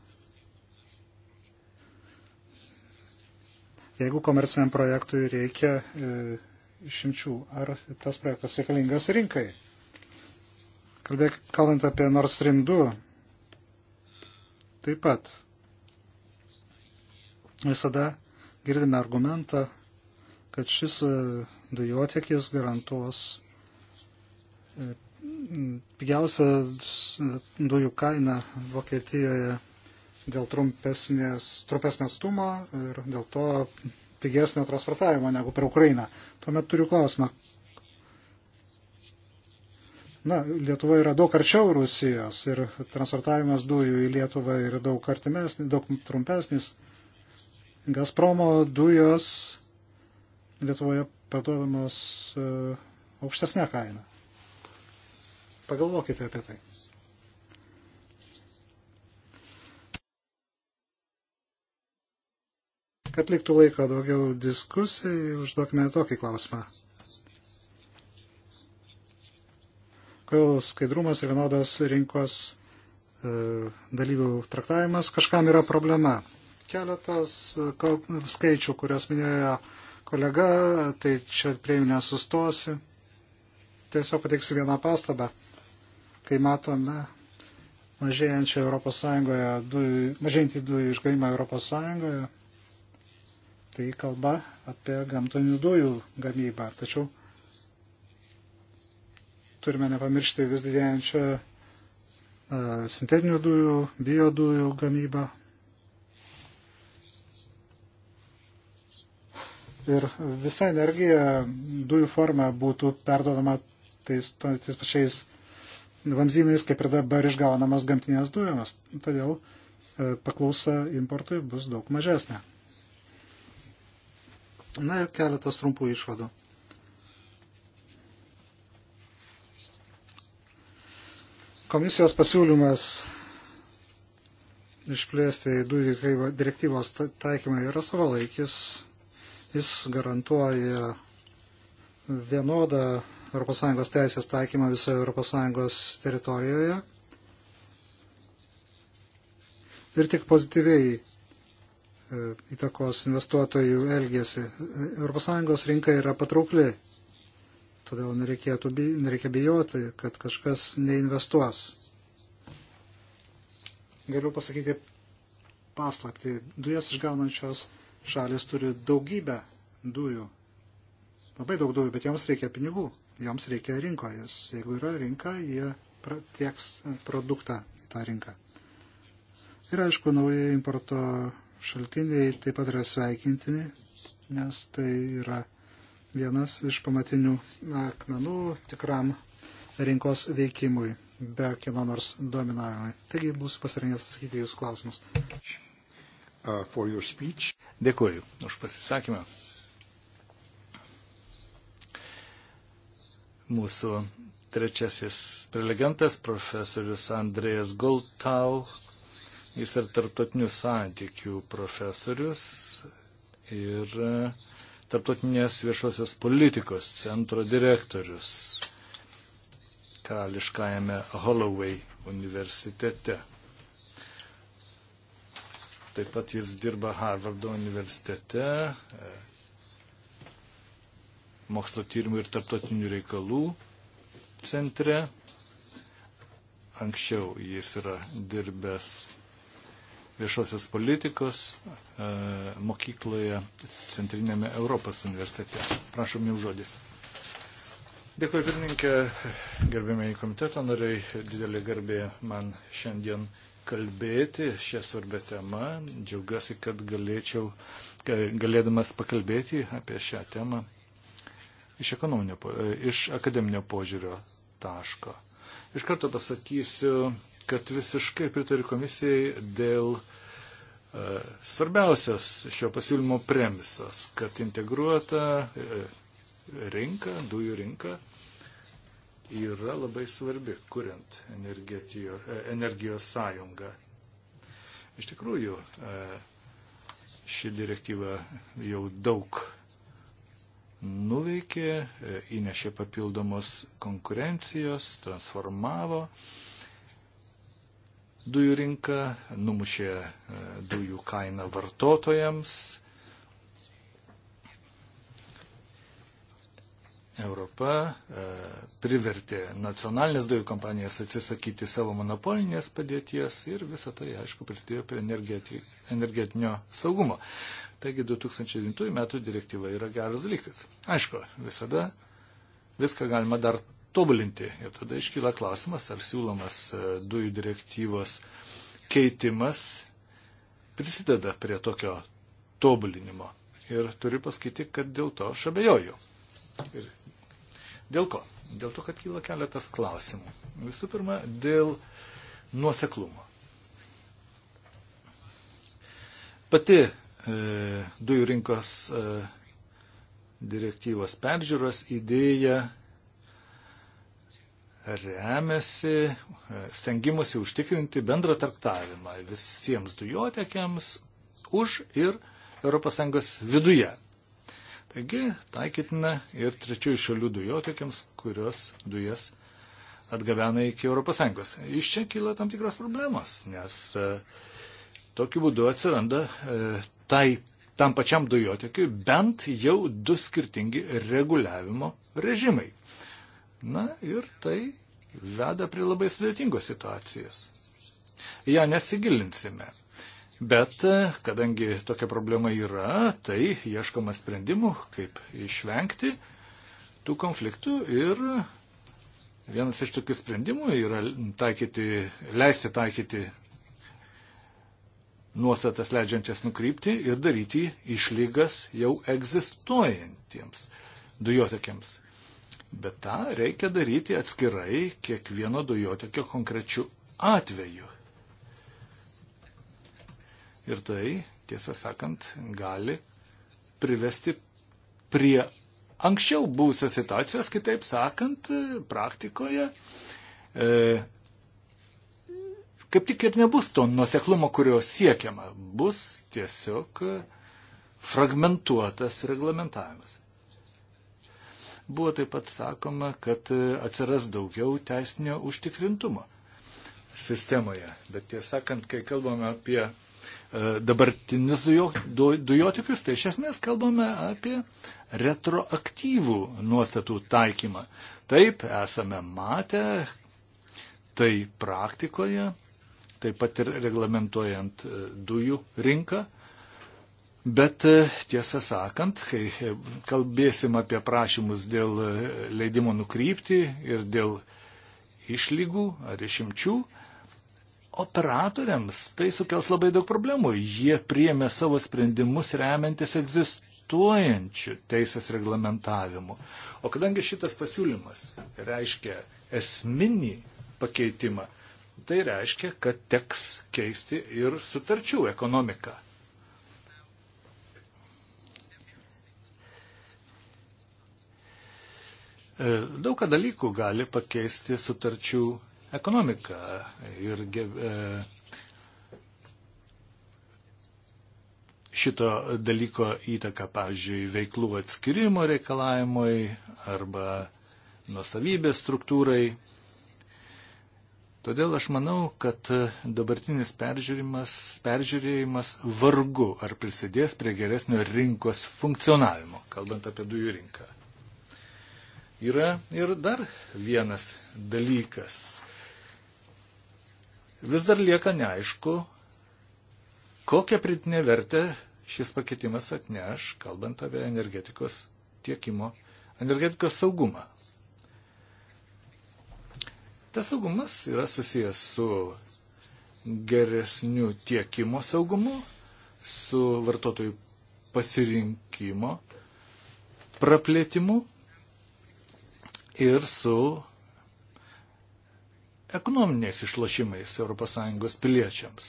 Jeigu komerciniam projektui reikia e, išimčių, ar tas projektas reikalingas rinkai? Kalbėk, kalbant apie Nord Stream 2, taip pat visada girdime argumentą, kad šis e, dujotiekis garantuos e, pigiausią e, dujų kainą Vokietijoje dėl trumpesnės, trumpesnės stumo ir dėl to pigesnio transportavimo negu per Ukrainą. Tuomet turiu klausimą, Na, Lietuva yra daug arčiau Rusijos ir transportavimas dujų į Lietuvą yra daug artimesnis, daug trumpesnis. Gazpromo dujos Lietuvoje parduodamos uh, e, aukštesnę kainą. Pagalvokite apie tai. Kad liktų laiko daugiau diskusijai, užduokime tokį klausimą. Kodėl skaidrumas ir vienodas rinkos e, dalyvių traktavimas kažkam yra problema. Keletas e, skaičių, kurias minėjo kolega, tai čia prie jų nesustosi. Tiesiog pateiksiu vieną pastabą. Kai matome mažėjančią Europos Sąjungoje, dujų, mažėjantį dujų išgavimą Europos Sąjungoje, tai kalba apie gamtinių dujų gamybą. Tačiau turime nepamiršti vis didėjančią e, sintetinių dujų, biodujų gamybą. Ir visa energija dujų forma būtų perdodama tais, tais pačiais vamzdynais, kaip ir dabar išgaunamas gamtinės dujomis. Todėl e, paklausa importui bus daug mažesnė. Na ir keletas trumpų išvadų. Komisijos pasiūlymas išplėsti dujų direktyvos taikymą yra savalaikis. Jis garantuoja vienodą ES teisės taikymą visoje ES teritorijoje. Ir tik pozityviai e, įtakos investuotojų elgesį. E, ES rinka yra patraukli Todėl nereikėtų, nereikia bijoti, kad kažkas neinvestuos. Galiu pasakyti paslapti. Dujas išgaunančios šalis turi daugybę dujų. Labai daug dujų, bet joms reikia pinigų. Joms reikia rinkojus. Jeigu yra rinka, jie tieks produktą į tą rinką. Ir aišku, nauji importo šaltiniai taip pat yra sveikintini, nes tai yra vienas iš pamatinių akmenų tikram rinkos veikimui be kieno nors dominavimui. Taigi būsiu pasirengęs atsakyti jūsų klausimus. Uh, Dėkuoju už pasisakymą. Mūsų trečiasis prelegentas profesorius Andrėjas Goltau. Jis ir tarptautinių santykių profesorius ir tarptautinės viešosios politikos centro direktorius karališkajame Holloway universitete. Taip pat jis dirba Harvardo universitete e, mokslo tyrimų ir tarptautinių reikalų centre. Anksčiau jis yra dirbęs viešosios politikos e, mokykloje Centrinėme Europos universitete. Prašom jums žodis. Dėkui pirmininkė, gerbėmiai komiteto nariai, didelė garbė man šiandien kalbėti šią svarbę temą. Džiaugiuosi, kad galėčiau, e, galėdamas pakalbėti apie šią temą iš, e, iš akademinio požiūrio taško. Iš karto pasakysiu, kad visiškai pritariu komisijai dėl e, svarbiausias šio pasiūlymo premisas, kad integruota e, rinka, dujų rinka yra labai svarbi, kuriant e, energijos sąjungą. Iš tikrųjų, ši direktyva jau daug nuveikė, įnešė papildomos konkurencijos, transformavo dujų rinką, numušė e, dujų kainą vartotojams. Europa e, privertė nacionalinės dujų kompanijas atsisakyti savo monopolinės padėties ir visą tai, aišku, prisidėjo prie energetinio saugumo. Taigi 2009 metų direktyva yra geras dalykas. Aišku, visada viską galima dar tobulinti. Ir tada iškyla klausimas, ar siūlomas e, dujų direktyvos keitimas prisideda prie tokio tobulinimo. Ir turiu pasakyti, kad dėl to aš abejoju. Ir dėl ko? Dėl to, kad kyla keletas klausimų. Visų pirma, dėl nuoseklumo. Pati e, dujų rinkos e, direktyvos peržiūros idėja remiasi stengimusi užtikrinti bendrą traktavimą visiems dujotekiams už ir ES viduje. Taigi taikytina ir trečiųjų šalių dujotekiams, kurios dujas atgabena iki ES. Iš čia kyla tam tikros problemos, nes e, tokiu būdu atsiranda e, tai, tam pačiam dujotekiui bent jau du skirtingi reguliavimo režimai. Na ir tai veda prie labai sudėtingos situacijos. Ja nesigilinsime. Bet e, kadangi tokia problema yra, tai ieškoma sprendimų, kaip išvengti tų konfliktų ir vienas iš tokių sprendimų yra taikyti, leisti taikyti nuostatas leidžiančias nukrypti ir daryti išlygas jau egzistuojantiems dujotekiams. Bet tą reikia daryti atskirai kiekvieno dujotekio konkrečių atveju. Ir tai, tiesą sakant, gali privesti prie anksčiau būsios situacijos, kitaip sakant, praktikoje e, kaip tik ir nebus to nuseklumo, kurio siekiama, bus tiesiog fragmentuotas reglamentavimas. Buvo taip pat sakoma, kad e, atsiras daugiau teisinio užtikrintumo sistemoje. Bet tiesąkant, kai kalbame apie e, dabartinius dujotikius, tai iš esmės kalbame apie retroaktyvų nuostatų taikymą. Taip, esame matę tai praktikoje, taip pat ir reglamentuojant e, dujų rinką. Bet e, tiesą sakant, kai e, kalbėsim apie prašymus dėl e, leidimo nukrypti ir dėl išlygų ar išimčių, operatoriams tai sukels labai daug problemų. Jie priemė savo sprendimus remiantis egzistuojančių teisės reglamentavimu. O kadangi šitas pasiūlymas reiškia esminį pakeitimą, tai reiškia, kad teks keisti ir sutarčių ekonomiką. E, Daugą dalykų gali pakeisti sutarčių ekonomika ir e, šito dalyko įtaka, pavyzdžiui, veiklų atskirimo reikalavimui arba nusavybės struktūrai. Todėl aš manau, kad dabartinis peržiūrėjimas vargu ar prisidės prie geresnio rinkos funkcionavimo, kalbant apie dujų rinką. Yra ir dar vienas dalykas. Vis dar lieka neaišku, kokią pritinę vertę šis pakeitimas atneš, kalbant apie energetikos tiekimo, energetikos saugumą. Tas saugumas yra susijęs su geresniu tiekimo saugumu, su vartotojų pasirinkimo praplėtimu ir su ekonominiais išlošimais ES piliečiams.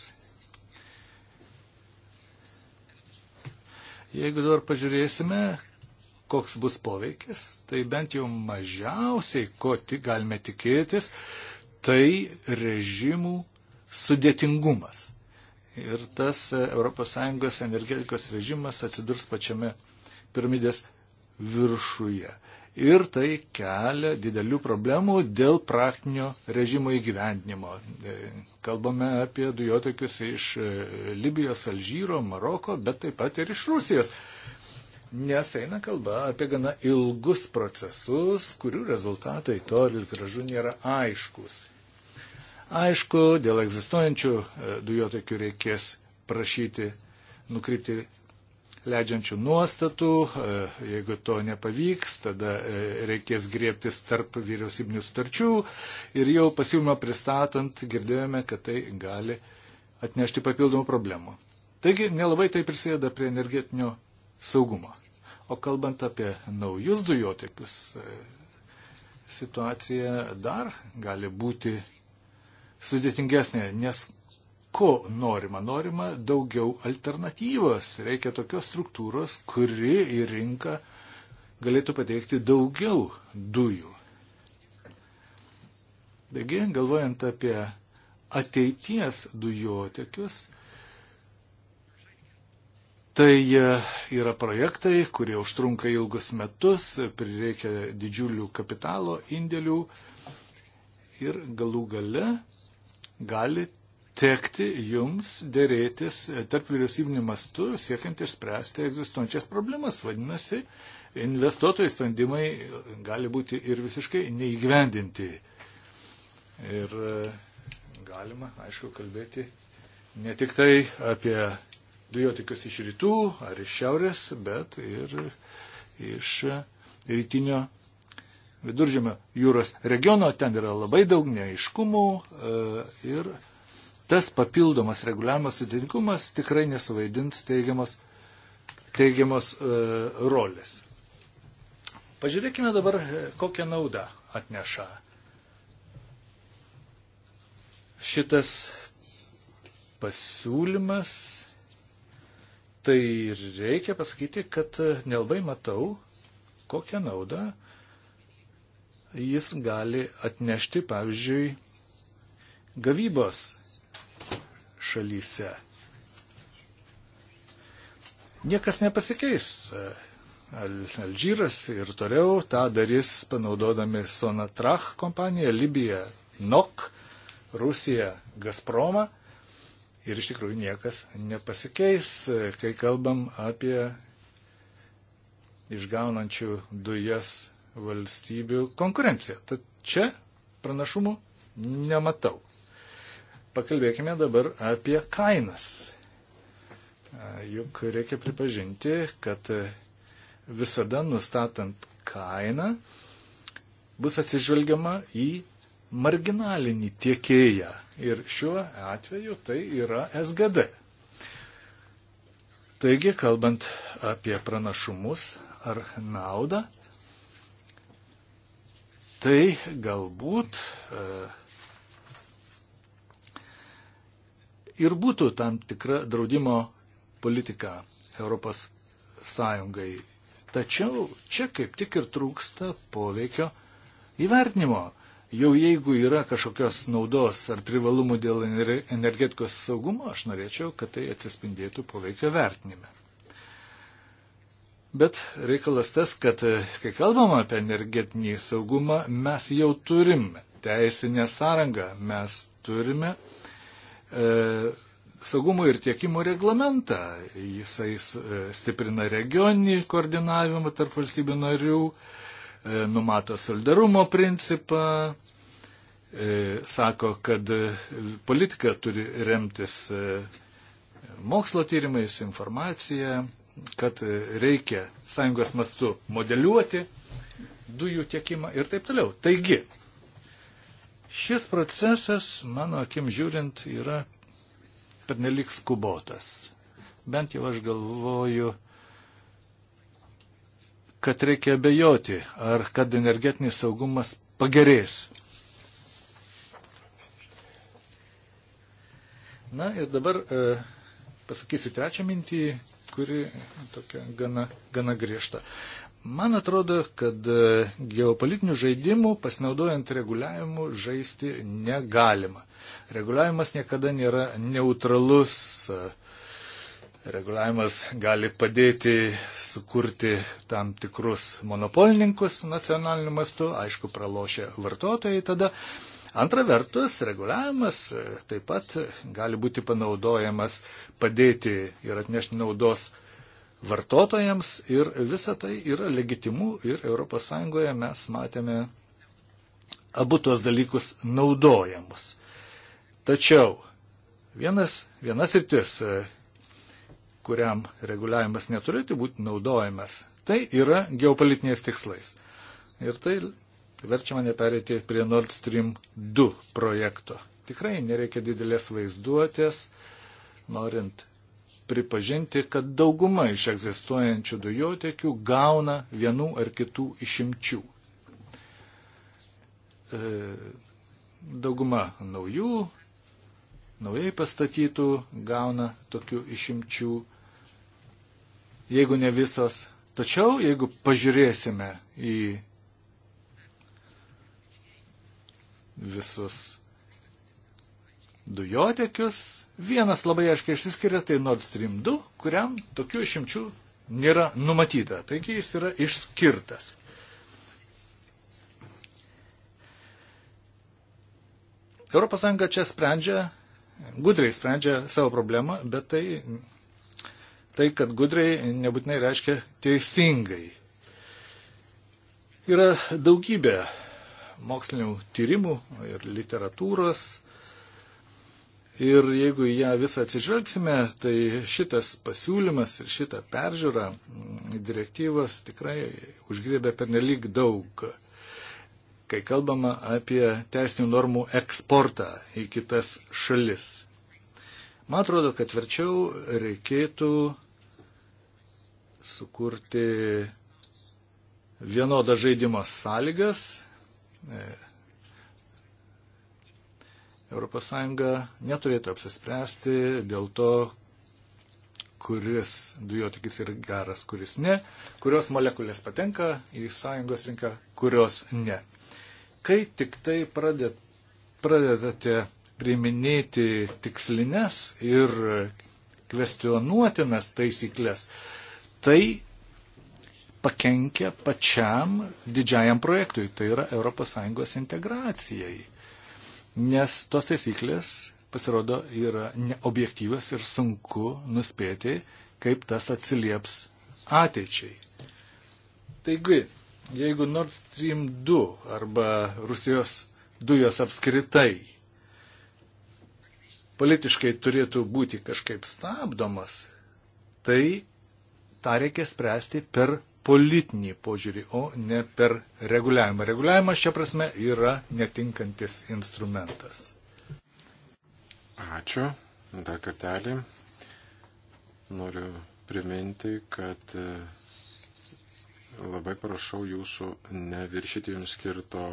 Jeigu dabar pažiūrėsime, koks bus poveikis, tai bent jau mažiausiai, ko tik galime tikėtis, tai režimų sudėtingumas. Ir tas ES energetikos režimas atsidurs pačiame piramidės viršuje ir tai kelia didelių problemų dėl praktinio režimo įgyvendinimo. E, kalbame apie dujotekius iš e, Libijos, Alžyro, Maroko, bet taip pat ir iš Rusijos. Nes eina kalba apie gana ilgus procesus, kurių rezultatai toli gražu nėra aiškus. Aišku, dėl egzistuojančių e, dujotekių reikės prašyti nukreipti leidžiančių nuostatų. E, jeigu to nepavyks, tada e, reikės griebtis tarp vyriausybinių starčių. Ir jau pasiūlymą pristatant girdėjome, kad tai gali atnešti papildomų problemų. Taigi nelabai tai prisėda prie energetinio saugumo. O kalbant apie naujus dujotekius, e, situacija dar gali būti sudėtingesnė, nes ko norima? Norima daugiau alternatyvos. Reikia tokios struktūros, kuri į rinką galėtų pateikti daugiau dujų. Taigi, galvojant apie ateities dujotekius, tai e, yra projektai, kurie užtrunka ilgus metus, prireikia didžiulių kapitalo indėlių ir galų gale gali tekti jums dėrėtis tarp vyriausybinių mastų, siekiant išspręsti egzistuojančias problemas. Vadinasi, investuotojų sprendimai gali būti ir visiškai neįgyvendinti. Ir e, galima, aišku, kalbėti ne tik tai apie dujotikius iš rytų ar iš šiaurės, bet ir iš e, rytinio viduržėmio jūros regiono. Ten yra labai daug neaiškumų e, ir tas papildomas reguliavimas sudėtingumas tikrai nesuvaidins teigiamos, teigiamos e, rolės. Pažiūrėkime dabar, e, kokią naudą atneša šitas pasiūlymas. Tai reikia pasakyti, kad e, nelabai matau, kokią naudą jis gali atnešti, pavyzdžiui, gavybos šalyse. Niekas nepasikeis. Al Alžyras ir toliau tą darys panaudodami Sonatrach kompaniją, Libiją, NOK, Rusiją, Gazpromą. Ir iš tikrųjų niekas nepasikeis, kai kalbam apie išgaunančių dujas valstybių konkurenciją. Tad čia pranašumų nematau. Pakalbėkime dabar apie kainas. Juk reikia pripažinti, kad visada nustatant kainą bus atsižvelgiama į marginalinį tiekėją. Ir šiuo atveju tai yra SGD. Taigi, kalbant apie pranašumus ar naudą, tai galbūt e, ir būtų tam tikra draudimo politika Europos Sąjungai. Tačiau čia kaip tik ir trūksta poveikio įvertinimo. Jau jeigu yra kažkokios naudos ar privalumų dėl energetikos saugumo, aš norėčiau, kad tai atsispindėtų poveikio vertinime. Bet reikalas tas, kad e, kai kalbam apie energetinį saugumą, mes jau turim teisinę sąrangą, mes turime E, saugumo ir tiekimo reglamentą. Jisai e, stiprina regioninį koordinavimą tarp valstybių narių, e, numato solidarumo principą, sako, kad politika turi remtis mokslo tyrimais, informacija, kad reikia sąjungos mastu modeliuoti dujų tiekimą ir taip toliau. Taigi, Šis procesas, mano akim žiūrint, yra pernelik skubotas. Bent jau aš galvoju, kad reikia abejoti, ar kad energetinis saugumas pagerės. Na ir dabar e, pasakysiu trečią mintį, kuri tokia gana, gana griežta. E, Man atrodo, kad e, geopolitinių žaidimų pasinaudojant reguliavimu žaisti negalima. Reguliavimas niekada nėra neutralus. E, reguliavimas gali padėti sukurti tam tikrus monopolininkus nacionaliniu mastu, aišku, pralošia vartotojai tada. Antra vertus, reguliavimas e, taip pat gali būti panaudojamas padėti ir atnešti naudos vartotojams ir visa tai yra legitimu ir ES mes matėme abu tuos dalykus naudojamus. Tačiau vienas, vienas rytis, e, kuriam reguliavimas neturėtų būti naudojamas, tai yra geopolitiniais tikslais. Ir tai verčia mane perėti prie Nord Stream 2 projekto. Tikrai nereikia didelės vaizduotės, norint pripažinti, kad dauguma iš egzistuojančių dujotekių gauna vienų ar kitų išimčių. E, dauguma naujų, naujai pastatytų gauna tokių išimčių, jeigu ne visos. Tačiau, jeigu pažiūrėsime į visus dujotekius. Vienas labai aiškiai išsiskiria, tai Nord Stream 2, kuriam tokių išimčių nėra numatyta. Taigi jis yra išskirtas. ES čia sprendžia, gudriai sprendžia savo problemą, bet tai, tai kad gudriai nebūtinai reiškia teisingai. Yra daugybė mokslinių tyrimų ir literatūros, Ir jeigu ją visą atsižvelgsime, tai šitas pasiūlymas ir šita peržiūra mm, direktyvas tikrai užgrėbė per nelik daug. Kai kalbama apie teisinių normų eksportą į kitas šalis. Man atrodo, kad verčiau reikėtų sukurti vienodą žaidimo sąlygas, e, ES neturėtų apsispręsti dėl to, kuris dujotikis yra geras, kuris ne, kurios molekulės patenka į sąjungos rinką, kurios ne. Kai tik tai pradėt, pradedate priminėti tikslinės ir kvestionuotinas taisyklės, tai pakenkia pačiam didžiajam projektui, tai yra ES integracijai nes tos taisyklės pasirodo yra neobjektyvas ir sunku nuspėti, kaip tas atsilieps ateičiai. Taigi, jeigu Nord Stream 2 arba Rusijos dujos apskritai politiškai turėtų būti kažkaip stabdomas, tai tą reikia spręsti per politinį požiūrį, o ne per reguliavimą. Reguliavimas šia prasme yra netinkantis instrumentas. Ačiū. Dar kartelį. Noriu priminti, kad e, labai prašau jūsų neviršyti jums skirto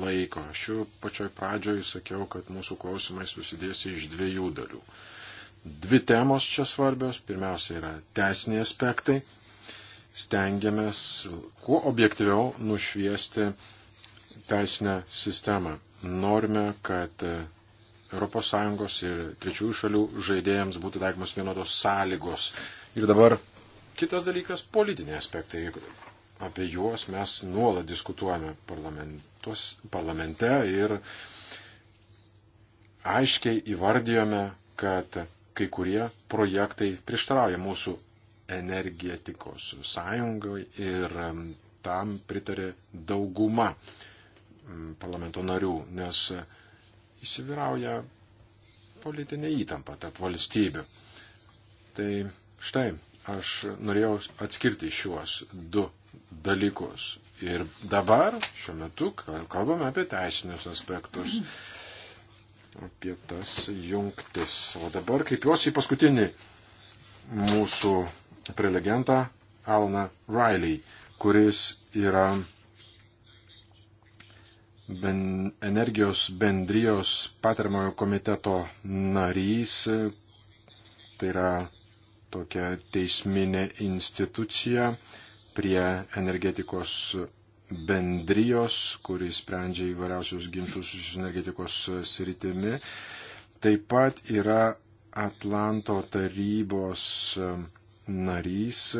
laiko. Aš jau pačioj pradžioj sakiau, kad mūsų klausimai susidės iš dviejų dalių. Dvi temos čia svarbios. Pirmiausia yra teisiniai aspektai stengiamės kuo objektyviau nušviesti teisinę sistemą. Norime, kad ES ir trečiųjų šalių žaidėjams būtų taikomos vienodos sąlygos. Ir dabar kitas dalykas - politiniai aspektai. Apie juos mes nuolat diskutuojame parlamente ir aiškiai įvardijome, kad kai kurie projektai prieštarauja mūsų energetikos sąjungai ir tam pritarė dauguma parlamento narių, nes įsivyrauja politinė įtampa tarp valstybių. Tai štai, aš norėjau atskirti šiuos du dalykus. Ir dabar, šiuo metu, kalbame apie teisinius aspektus, apie tas jungtis. O dabar kreipiuosi į paskutinį mūsų prelegentą Alaną Riley, kuris yra ben, energijos bendrijos patariamojo komiteto narys. Tai yra tokia teisminė institucija prie energetikos bendrijos, kuris sprendžia įvairiausius ginčius su energetikos sritimi. Taip pat yra Atlanto tarybos narys,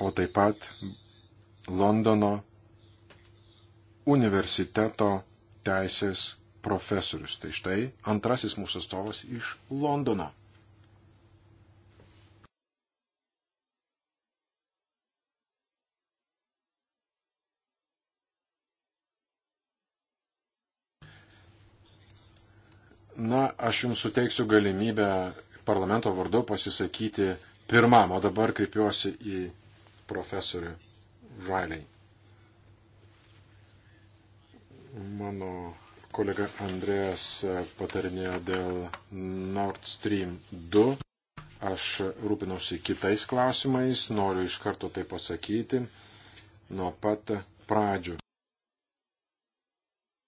o taip pat Londono universiteto teisės profesorius. Tai štai antrasis mūsų atstovas iš Londono. Na, aš jums suteiksiu galimybę parlamento vardu pasisakyti pirmam, o dabar kreipiuosi į profesorių Riley. Mano kolega Andrėjas patarinėjo dėl Nord Stream 2. Aš rūpinausi kitais klausimais, noriu iš karto tai pasakyti nuo pat pradžių.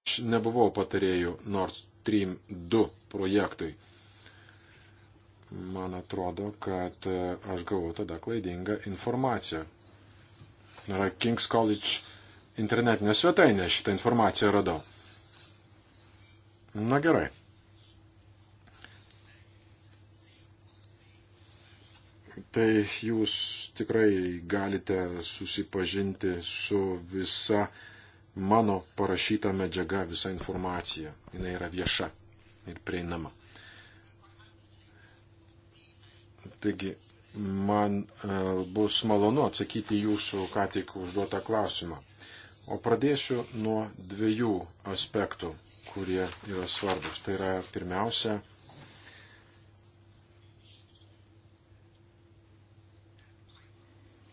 Aš nebuvau patarėjų Nord Stream 2 projektui. Man atrodo, kad e, aš gavau tada klaidingą informaciją. Yra King's College internetinė svetainė, šitą informaciją radau. Na gerai. Tai jūs tikrai galite susipažinti su visa mano parašyta medžiaga, visa informacija. Jis yra vieša ir prieinama. Taigi, man e, bus malonu atsakyti jūsų ką tik užduotą klausimą. O pradėsiu nuo dviejų aspektų, kurie yra svarbus. Tai yra pirmiausia,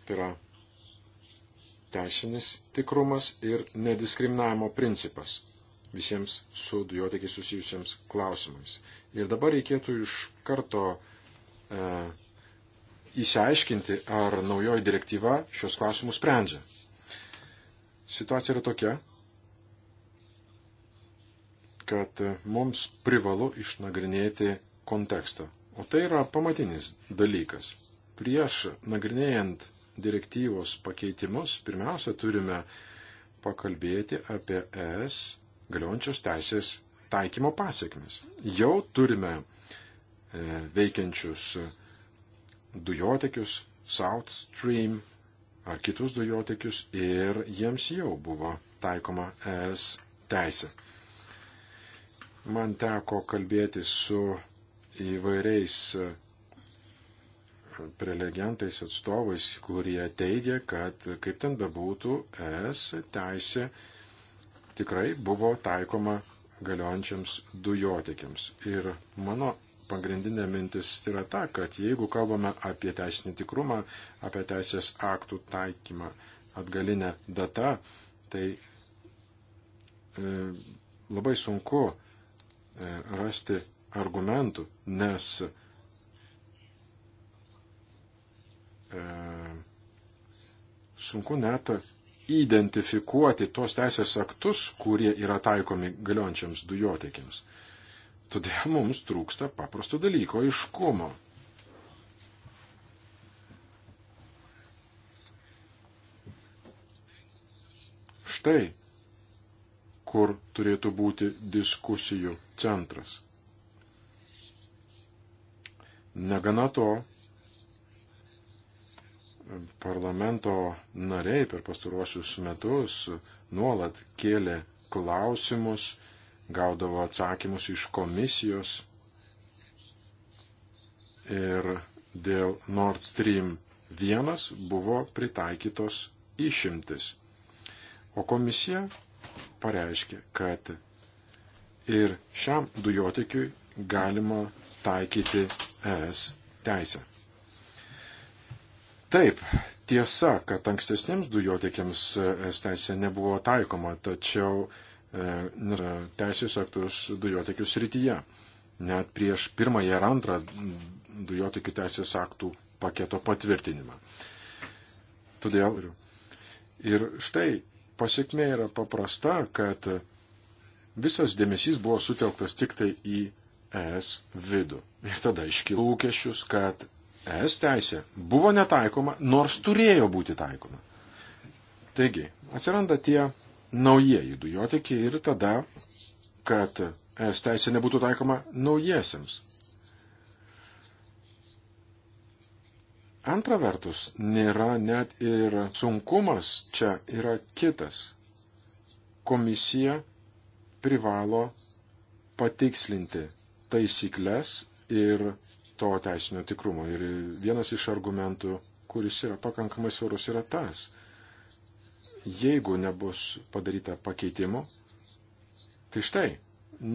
tai yra teisinis tikrumas ir nediskriminavimo principas visiems su dujotekiai susijusiems klausimais. Ir dabar reikėtų iš karto uh, įsiaiškinti, e, ar naujoji direktyva šios klausimus sprendžia. Situacija yra tokia, kad mums privalu išnagrinėti kontekstą. O tai yra pamatinis dalykas. Prieš nagrinėjant direktyvos pakeitimus, pirmiausia, turime pakalbėti apie ES galiojančios teisės taikymo pasiekmes. Jau turime E, veikiančius dujotekius, South Stream ar kitus dujotekius ir jiems jau buvo taikoma ES teisė. Man teko kalbėti su įvairiais e, prelegentais atstovais, kurie teigia, kad kaip ten bebūtų, ES teisė tikrai buvo taikoma galiojančiams dujotekiams. Ir mano pagrindinė mintis yra ta, kad jeigu kalbame apie teisinį tikrumą, apie teisės aktų taikymą atgalinę datą, tai e, labai sunku e, rasti argumentų, nes e, sunku net identifikuoti tos teisės aktus, kurie yra taikomi galiojančiams dujotiekiams. Todėl mums trūksta paprasto dalyko aiškumo. Štai, kur turėtų būti diskusijų centras. Negana to, parlamento nariai per pastaruosius metus nuolat kėlė klausimus gaudavo atsakymus iš komisijos ir dėl Nord Stream 1 buvo pritaikytos išimtis. O komisija pareiškė, kad ir šiam dujotikiui galima taikyti ES teisę. Taip, tiesa, kad ankstesniems dujotikiams ES teisė nebuvo taikoma, tačiau E, e, teisės aktus dujotekių srityje. Net prieš pirmąją ir antrą dujotekių teisės aktų paketo patvirtinimą. Todėl ir štai pasiekmė yra paprasta, kad visas dėmesys buvo sutelktas tik tai į ES vidų. Ir tada iškilo lūkesčius, kad ES teisė buvo netaikoma, nors turėjo būti taikoma. Taigi, atsiranda tie naujieji dujotekiai ir tada, kad es teisė nebūtų taikoma naujiesiams. Antra vertus, nėra net ir sunkumas čia yra kitas. Komisija privalo patikslinti taisyklės ir to teisinio tikrumo. Ir vienas iš argumentų, kuris yra pakankamai svarus, yra tas, jeigu nebus padaryta pakeitimų, tai štai,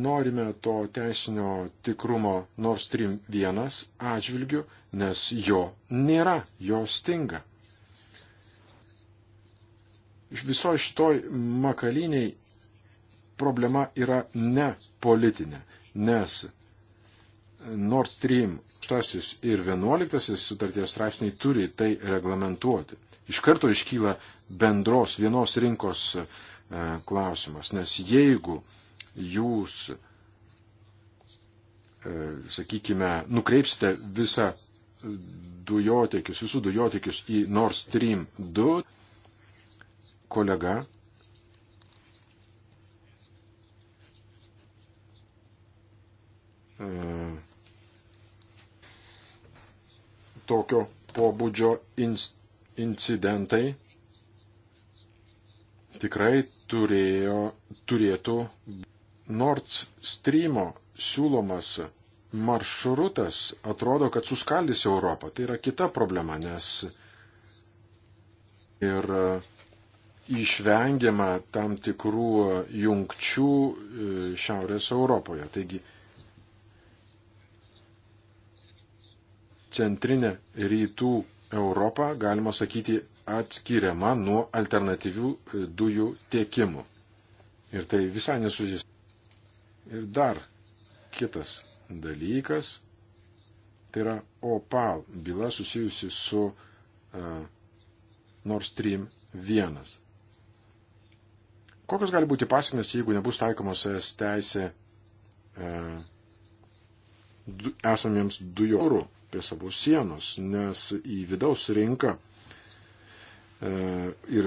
norime to teisinio tikrumo Nord Stream 1 atžvilgiu, nes jo nėra, jo stinga. Viso šitoj makaliniai problema yra ne politinė, nes Nord Stream 6 ir 11 sutarties straipsniai turi tai reglamentuoti. Iš karto iškyla bendros vienos rinkos e, klausimas. Nes jeigu jūs, e, sakykime, nukreipsite visą dujotekius, visų dujotekius į Nord Stream 2, kolega e, tokio pobūdžio incidentai tikrai turėjo, turėtų Nord Streamo siūlomas maršrutas atrodo, kad suskaldys Europą. Tai yra kita problema, nes ir išvengiama tam tikrų jungčių e, Šiaurės Europoje. Taigi centrinė rytų Europą, galima sakyti, atskiriama nuo alternatyvių e, dujų tiekimų. Ir tai visai nesužys. Ir dar kitas dalykas, tai yra OPAL byla susijusi su uh, Nord Stream 1. Kokios gali būti pasiekmes, jeigu nebus taikomos es teisė uh, du, esamiems dujorų prie savo sienos, nes į vidaus rinką E, ir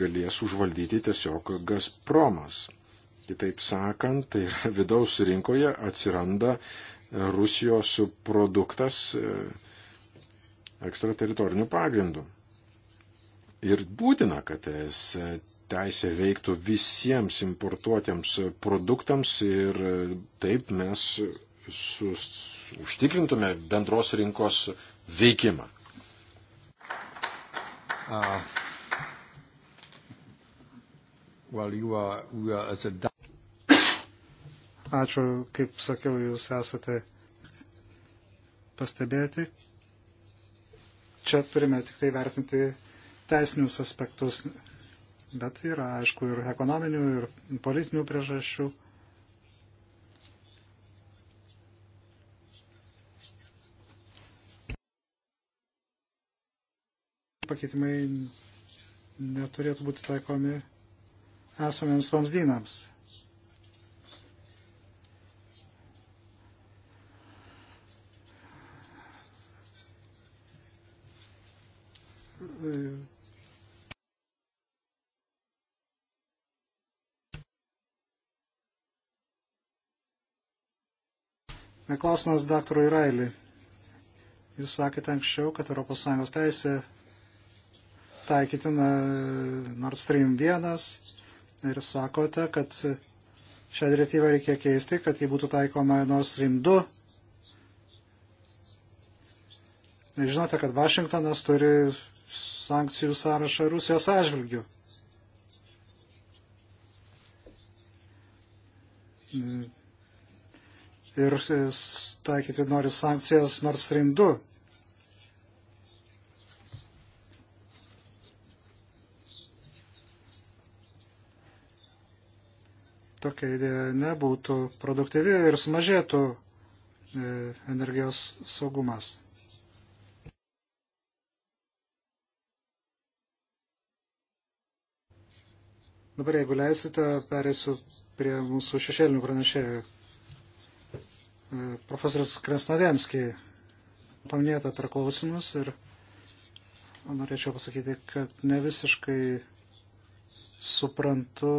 galės užvaldyti tiesiog Gazpromas. Kitaip sakant, tai yra vidaus rinkoje atsiranda Rusijos produktas e, ekstrateritorinių pagrindų. Ir būtina, kad es teisė veiktų visiems importuotiems produktams ir taip mes sus, užtikrintume bendros rinkos veikimą. Uh, well, you are, you are as a... Ačiū, kaip sakiau, jūs esate pastebėti. Čia turime tik tai vertinti teisinius aspektus, bet yra, aišku, ir ekonominių, ir politinių priežasčių. pakeitimai neturėtų būti taikomi esamiems vamzdynams. Klausimas daktarui Railiui. Jūs sakėte anksčiau, kad ES teisė taikytina Nord Stream 1 ir sakote, kad šią direktyvą reikia keisti, kad ji būtų taikoma Nord Stream 2. Žinote, kad Vašingtonas turi sankcijų sąrašą Rusijos atžvilgių. Ir taikyti nori sankcijas Nord Stream 2. tokia idėja nebūtų produktyvi ir sumažėtų e, energijos saugumas. Dabar, jeigu leisite, perėsiu prie mūsų šešėlinių pranešėjų. E, profesorius Kresnodemskiai paminėta per klausimus ir norėčiau pasakyti, kad ne visiškai suprantu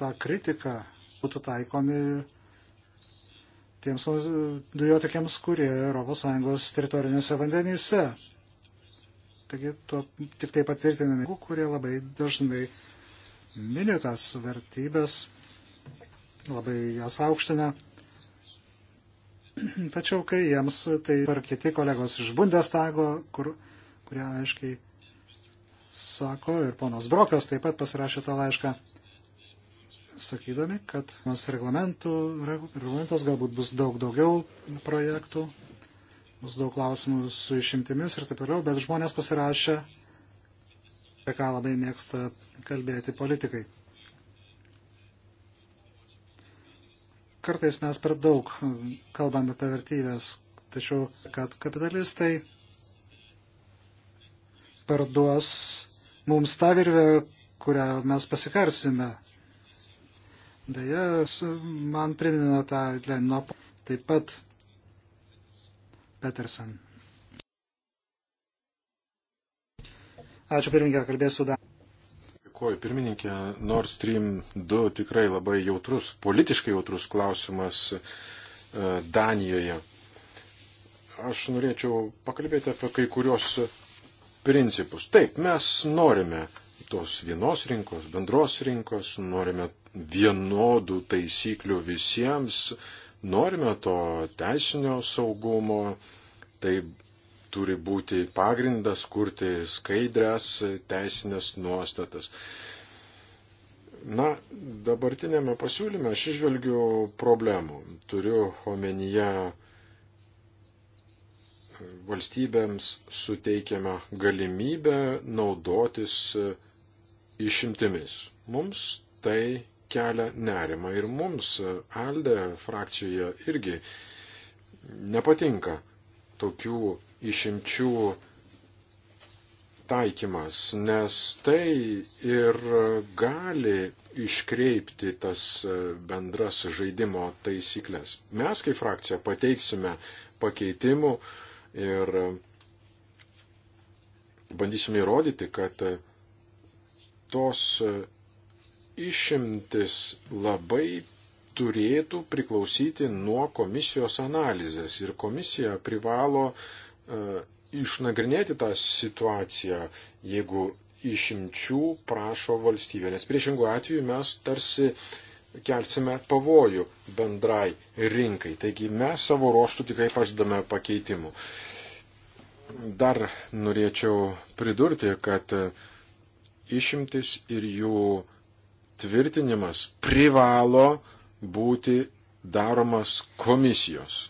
ta kritika būtų taikomi tiems dujotekiams, kurie ES teritorinėse vandenyse. Taigi tuo tik tai patvirtinami, kurie labai dažnai mini tas vertybės, labai jas aukština. Tačiau kai jiems tai ar kiti kolegos iš Bundestago, kur, kurie aiškiai sako, ir ponas Brokas taip pat pasirašė tą laišką, sakydami, kad nors reglamentas galbūt bus daug daugiau projektų, bus daug klausimų su išimtimis ir taip toliau, bet žmonės pasirašė, apie ką labai mėgsta kalbėti politikai. Kartais mes per daug kalbame apie vertybės, tačiau kad kapitalistai parduos mums tą virvę, kurią mes pasikarsime Deja, man priminė tą Lenino. Taip pat Petersen. Ačiū pirmininkė, kalbėsiu dar. Dėkuoju pirmininkė, Nord Stream 2 tikrai labai jautrus, politiškai jautrus klausimas e, Danijoje. Aš norėčiau pakalbėti apie kai kurios principus. Taip, mes norime tos vienos rinkos, bendros rinkos, norime vienodų taisyklių visiems, norime to teisinio saugumo, tai turi būti pagrindas kurti skaidrės teisinės nuostatas. Na, dabartinėme pasiūlyme aš išvelgiu problemų. Turiu omenyje valstybėms suteikiamą galimybę naudotis išimtimis. Mums tai kelia nerimą ir mums, Alde frakcijoje, irgi nepatinka tokių išimčių taikymas, nes tai ir gali iškreipti tas bendras žaidimo taisyklės. Mes kaip frakcija pateiksime pakeitimų ir bandysime įrodyti, kad tos išimtis labai turėtų priklausyti nuo komisijos analizės ir komisija privalo e, išnagrinėti tą situaciją, jeigu išimčių prašo valstybė, nes priešingų atveju mes tarsi kelsime pavojų bendrai rinkai. Taigi mes savo ruoštų tikrai pažadame pakeitimų. Dar norėčiau pridurti, kad išimtis ir jų tvirtinimas privalo būti daromas komisijos.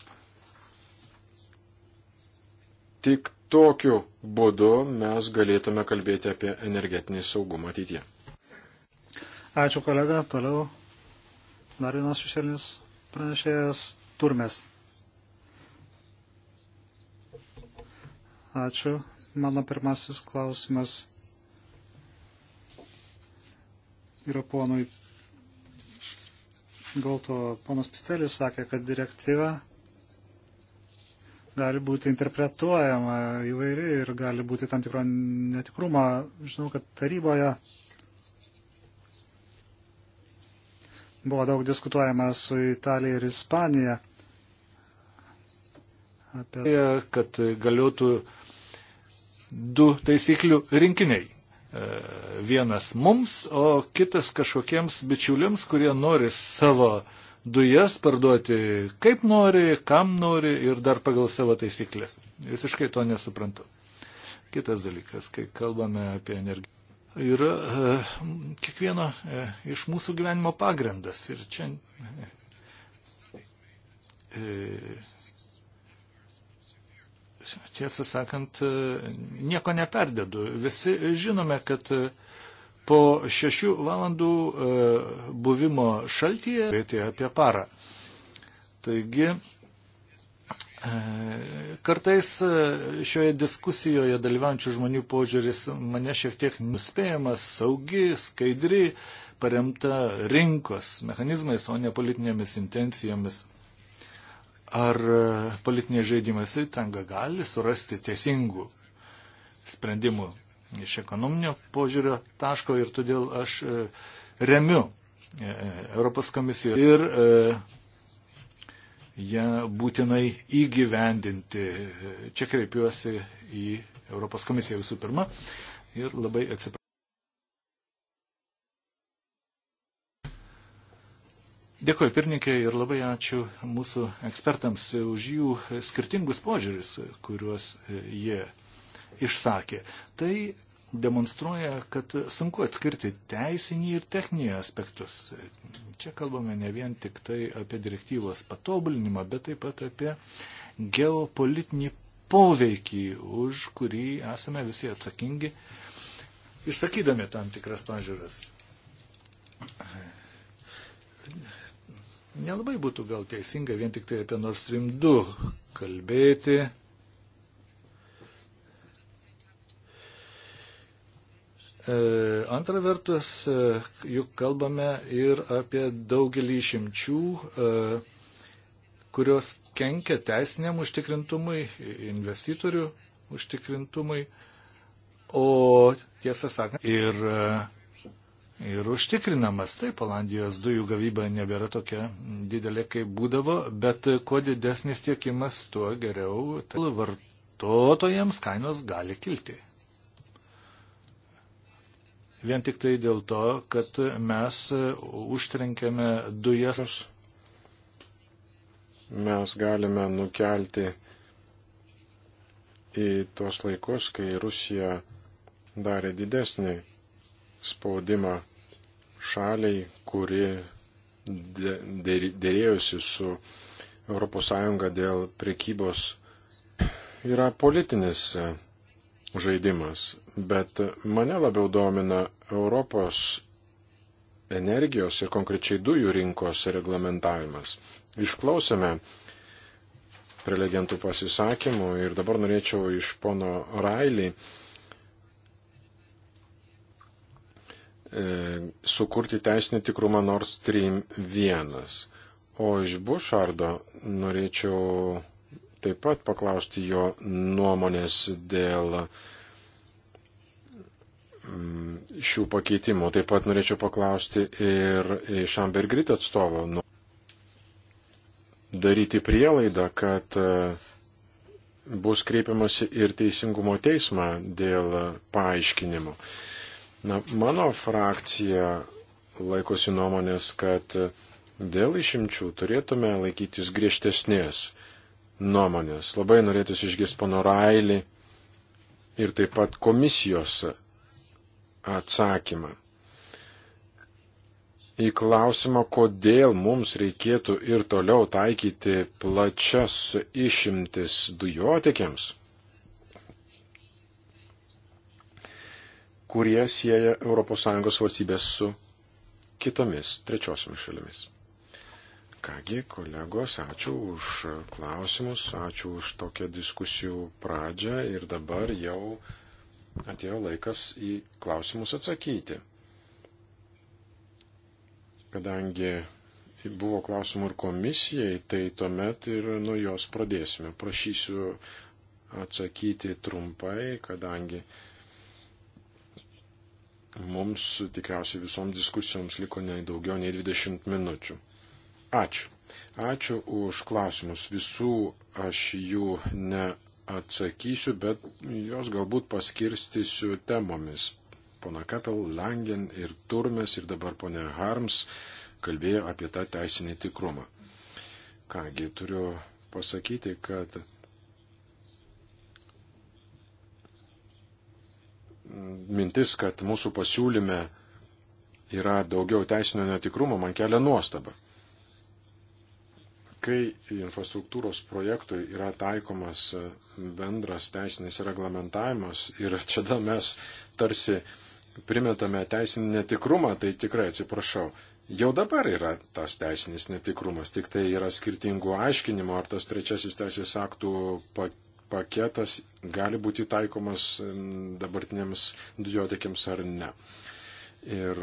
Tik tokiu būdu mes galėtume kalbėti apie energetinį saugumą ateityje. Ačiū kolega, toliau dar vienas šešėlis pranešėjas Turmes. Ačiū. Mano pirmasis klausimas yra ponui Galto. Ponas Pistelis sakė, kad direktyva gali būti interpretuojama įvairiai ir gali būti tam tikro netikrumo. Žinau, kad taryboje buvo daug diskutuojama su Italija ir Ispanija. Apie... kad galiotų du taisyklių rinkiniai. Vienas mums, o kitas kažkokiems bičiuliams, kurie nori savo dujas parduoti kaip nori, kam nori ir dar pagal savo taisyklės. Visiškai to nesuprantu. Kitas dalykas, kai kalbame apie energiją yra e, kiekvieno e, iš mūsų gyvenimo pagrindas. Ir čia e, tiesą sakant, nieko neperdedu. Visi žinome, kad e, po šešių valandų e, buvimo šaltyje reikia apie parą. Taigi, e, kartais šioje diskusijoje dalyvaujančių žmonių požiūris mane šiek tiek nuspėjamas, saugi, skaidri, paremta rinkos mechanizmais, o ne politinėmis intencijomis ar e, politinė žaidimai sąjunga gali surasti teisingų sprendimų iš ekonominio požiūrio taško ir todėl aš e, remiu e, Europos komisiją ir ją būtinai įgyvendinti. Čia kreipiuosi į Europos komisiją visų pirma ir labai atsiprašau. Dėkuoju pirmininkė ir labai ačiū mūsų ekspertams už jų skirtingus požiūris, kuriuos jie išsakė. Tai demonstruoja, kad sunku atskirti teisinį ir techninį aspektus. Čia kalbame ne vien tik tai apie direktyvos patobulinimą, bet taip pat apie geopolitinį poveikį, už kurį esame visi atsakingi, išsakydami tam tikras pažiūras Nelabai būtų gal teisinga vien tik tai apie Nord Stream 2 kalbėti. E, antra vertus, e, juk kalbame ir apie daugelį išimčių, e, kurios kenkia teisiniam užtikrintumui, investitorių užtikrintumui, o tiesą sakant, ir ir užtikrinamas. Taip, Olandijos dujų gavyba nebėra tokia didelė, kaip būdavo, bet kuo didesnis tiekimas, tuo geriau tai vartotojams kainos gali kilti. Vien tik tai dėl to, kad mes užtrenkėme dujas. Mes galime nukelti į tuos laikus, kai Rusija darė didesnį spaudimą šaliai, kuri dėrėjusi su ES dėl prekybos, yra politinis e, žaidimas, bet mane labiau domina Europos energijos ir konkrečiai dujų rinkos reglamentavimas. Išklausėme prelegentų pasisakymų ir dabar norėčiau iš pono Railį E, sukurti teisinį tikrumą Nord Stream 1. O iš Bušardo norėčiau taip pat paklausti jo nuomonės dėl mm, šių pakeitimų. Taip pat norėčiau paklausti ir iš Ambergrit atstovo. Nu, daryti prielaidą, kad e, bus kreipiamasi ir teisingumo teismą dėl paaiškinimo. Na, mano frakcija laikosi nuomonės, kad dėl išimčių turėtume laikytis griežtesnės nuomonės. Labai norėtųsi išgirsti pono Railį ir taip pat komisijos atsakymą. Į klausimą, kodėl mums reikėtų ir toliau taikyti plačias išimtis dujotekiams, kurie sieja ES valstybės su kitomis trečiosiomis šalimis. Kągi, kolegos, ačiū už klausimus, ačiū už tokią diskusijų pradžią ir dabar jau atėjo laikas į klausimus atsakyti. Kadangi buvo klausimų ir komisijai, tai tuomet ir nuo jos pradėsime. Prašysiu atsakyti trumpai, kadangi Mums tikriausiai visoms diskusijoms liko ne daugiau nei 20 minučių. Ačiū. Ačiū už klausimus. Visų aš jų neatsakysiu, bet jos galbūt paskirstysiu temomis. Pona Kapel, Langen ir Turmes ir dabar ponė Harms kalbėjo apie tą teisinį tikrumą. Kągi turiu pasakyti, kad mintis, kad mūsų pasiūlyme yra daugiau teisinio netikrumo, man kelia nuostaba. Kai infrastruktūros projektui yra taikomas bendras teisinis reglamentavimas ir čia mes tarsi primetame teisinį netikrumą, tai tikrai atsiprašau. Jau dabar yra tas teisinis netikrumas, tik tai yra skirtingų aiškinimų, ar tas trečiasis teisės aktų pakeitimas paketas gali būti taikomas dabartiniams dujotekiams ar ne. Ir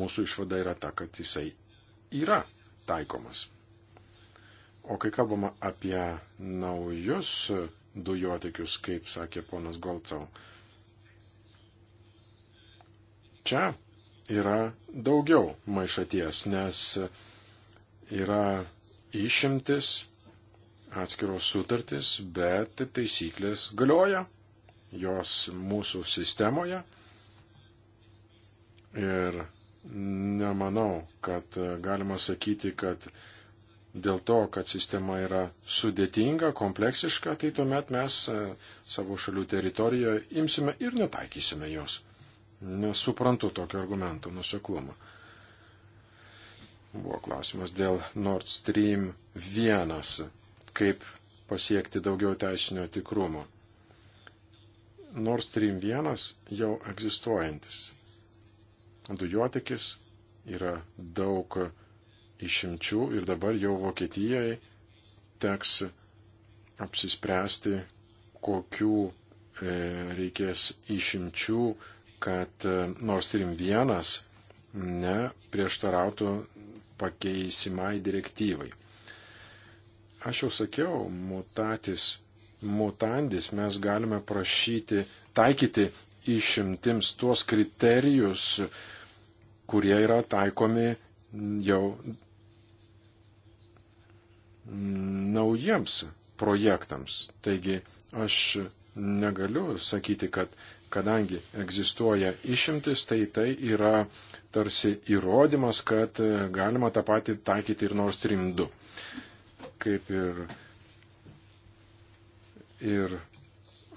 mūsų išvada yra ta, kad jisai yra taikomas. O kai kalbama apie naujus dujotekius, kaip sakė ponas Golcau, čia yra daugiau maišaties, nes yra išimtis atskiros sutartys, bet taisyklės galioja, jos mūsų sistemoje. Ir nemanau, kad galima sakyti, kad dėl to, kad sistema yra sudėtinga, kompleksiška, tai tuomet mes e, savo šalių teritorijoje imsime ir netaikysime jos. Nesuprantu tokio argumento nuseklumą. Buvo klausimas dėl Nord Stream 1 kaip pasiekti daugiau teisinio tikrumo. Nord Stream 1 jau egzistuojantis. Dujotikis yra daug išimčių ir dabar jau Vokietijai teks apsispręsti, kokių e, reikės išimčių, kad e, Nord Stream 1 neprieštarautų pakeisimai direktyvai. Aš jau sakiau, mutatis, mutandis mes galime prašyti, taikyti išimtims tuos kriterijus, kurie yra taikomi jau naujiems projektams. Taigi aš negaliu sakyti, kad kadangi egzistuoja išimtis, tai tai yra tarsi įrodymas, kad galima tą patį taikyti ir nors rimdu kaip ir, ir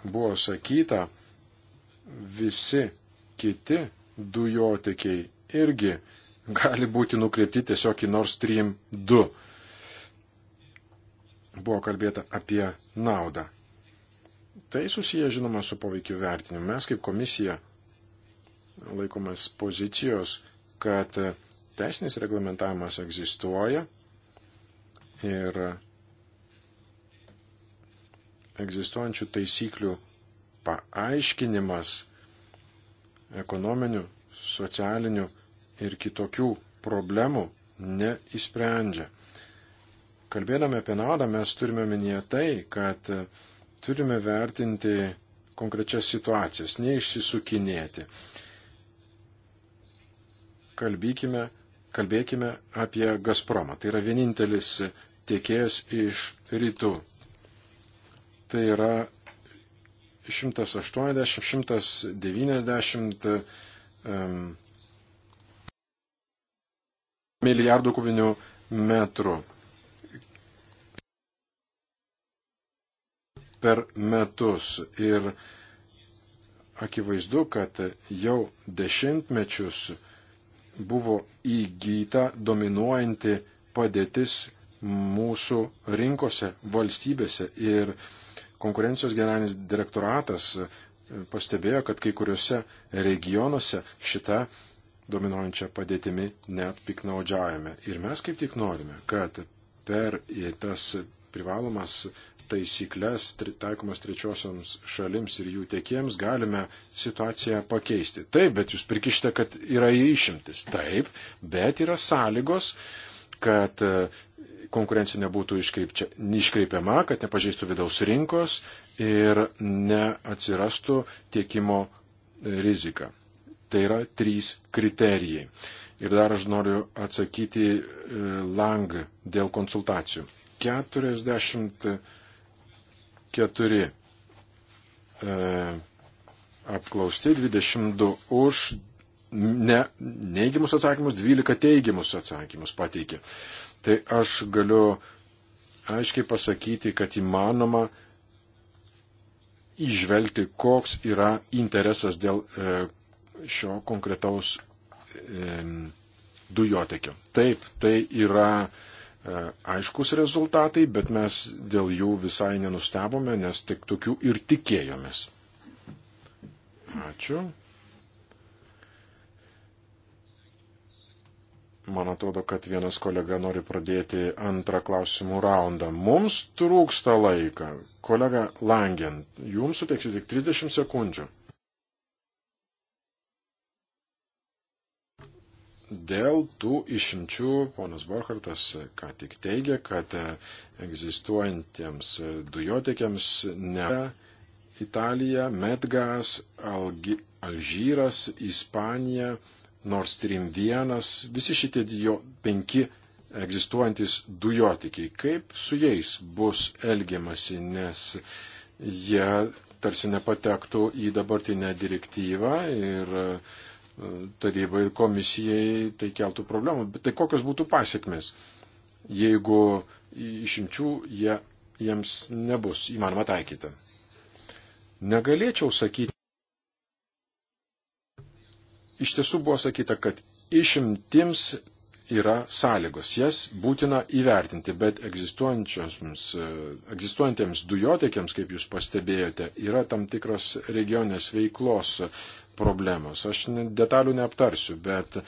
buvo sakyta, visi kiti dujotekiai irgi gali būti nukreipti tiesiog į Nord Stream 2. Buvo kalbėta apie naudą. Tai susiję, žinoma, su poveikiu vertinimu. Mes kaip komisija laikomas pozicijos, kad teisinis reglamentavimas egzistuoja, ir egzistuojančių taisyklių paaiškinimas ekonominių, socialinių ir kitokių problemų neįsprendžia. Kalbėdami apie naudą mes turime minėti tai, kad turime vertinti konkrečias situacijas, neišsisukinėti. Kalbykime Kalbėkime apie Gazpromą. Tai yra vienintelis tiekėjas iš rytų. Tai yra 180-190 um, milijardų kubinių metrų per metus. Ir akivaizdu, kad jau dešimtmečius buvo įgyta dominuojanti padėtis mūsų rinkose, valstybėse. Ir konkurencijos generalinis direktoratas e, pastebėjo, kad kai kuriuose regionuose šita dominuojančia padėtimi net piknaudžiavime. Ir mes kaip tik norime, kad per tas privalomas taisyklės taikomas trečiosioms šalims ir jų tiekiems, galime situaciją pakeisti. Taip, bet jūs prikišite, kad yra išimtis. Taip, bet yra sąlygos, kad e, konkurencija nebūtų iškreipiama, kad nepažeistų vidaus rinkos ir neatsirastų tiekimo e, rizika. Tai yra trys kriterijai. Ir dar aš noriu atsakyti e, lang dėl konsultacijų. 40 4 e, apklausti, 22 už ne, neigiamus atsakymus, 12 teigiamus atsakymus pateikė. Tai aš galiu aiškiai pasakyti, kad įmanoma išvelgti, koks yra interesas dėl e, šio konkretaus e, dujotekio. Taip, tai yra E, aiškus rezultatai, bet mes dėl jų visai nenustebome, nes tik tokių ir tikėjomės. Ačiū. Man atrodo, kad vienas kolega nori pradėti antrą klausimų raundą. Mums trūksta laika. Kolega Langen, jums suteiksiu tik 30 sekundžių. dėl tų išimčių ponas Borkartas e, ką tik teigia, kad e, egzistuojantiems e, dujotekiams ne Italija, Medgas, Algi, Alžyras, Ispanija, Nord Stream 1, visi šitie dijo, penki egzistuojantis dujotikiai. Kaip su jais bus elgiamasi, nes jie tarsi nepatektų į dabartinę direktyvą ir uh, tarybai ir komisijai tai keltų problemų. Bet tai kokios būtų pasiekmes, jeigu išimčių jie, jiems nebus įmanoma taikyti? Negalėčiau sakyti. Iš tiesų buvo sakyta, kad išimtims yra sąlygos, jas būtina įvertinti, bet egzistuojantiems dujotiekiams, kaip jūs pastebėjote, yra tam tikros regionės veiklos problemos. Aš detalių neaptarsiu, bet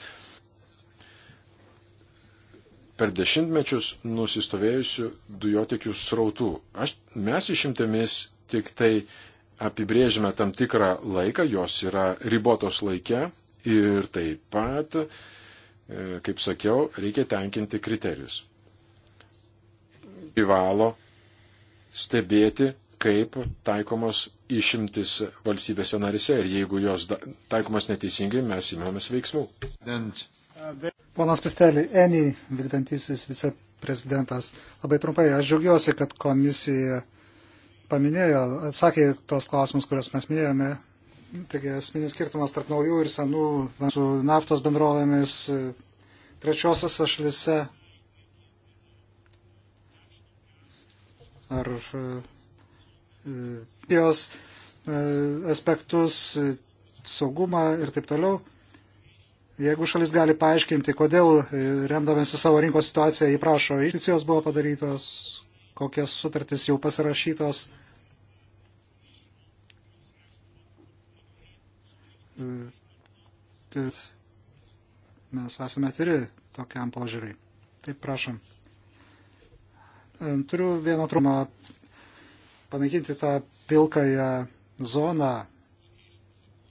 per dešimtmečius nusistovėjusių dujotekių srautų. Aš, mes išimtėmis tik tai apibrėžime tam tikrą laiką, jos yra ribotos laike ir taip pat, e, kaip sakiau, reikia tenkinti kriterijus. Privalo stebėti, kaip taikomos išimtis valstybėse narise ir jeigu jos taikomas neteisingai, mes įmėmės veiksmų. Ponas Pistelį, Eni, vykdantysis viceprezidentas, labai trumpai, aš džiaugiuosi, kad komisija paminėjo, atsakė tos klausimus, kuriuos mes minėjome. Taigi esminis skirtumas tarp naujų ir senų su naftos bendrovėmis trečiosiose šalise ar E, jos e, aspektus, e, saugumą ir taip toliau. Jeigu šalis gali paaiškinti, kodėl remdamėsi savo rinkos situaciją įprašo, investicijos buvo padarytos, kokias sutartys jau pasirašytos. Tai mes esame atviri tokiam požiūriui. Taip, prašom. Turiu vieną trumą panaikinti tą pilkąją zoną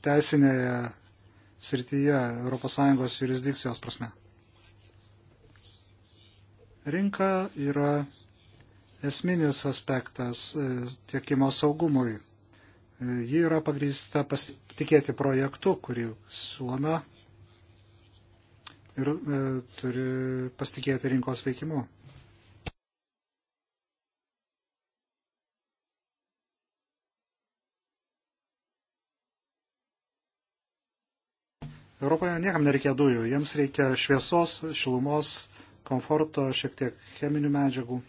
teisinėje srityje ES jurisdikcijos prasme. Rinka yra esminis aspektas e, tiekimo saugumui. E, ji yra pagrįsta pasitikėti projektu, kurį siūlome ir e, turi pasitikėti rinkos veikimu. Europoje niekam nereikia dujų, jiems reikia šviesos, šilumos, komforto, šiek tiek cheminių medžiagų.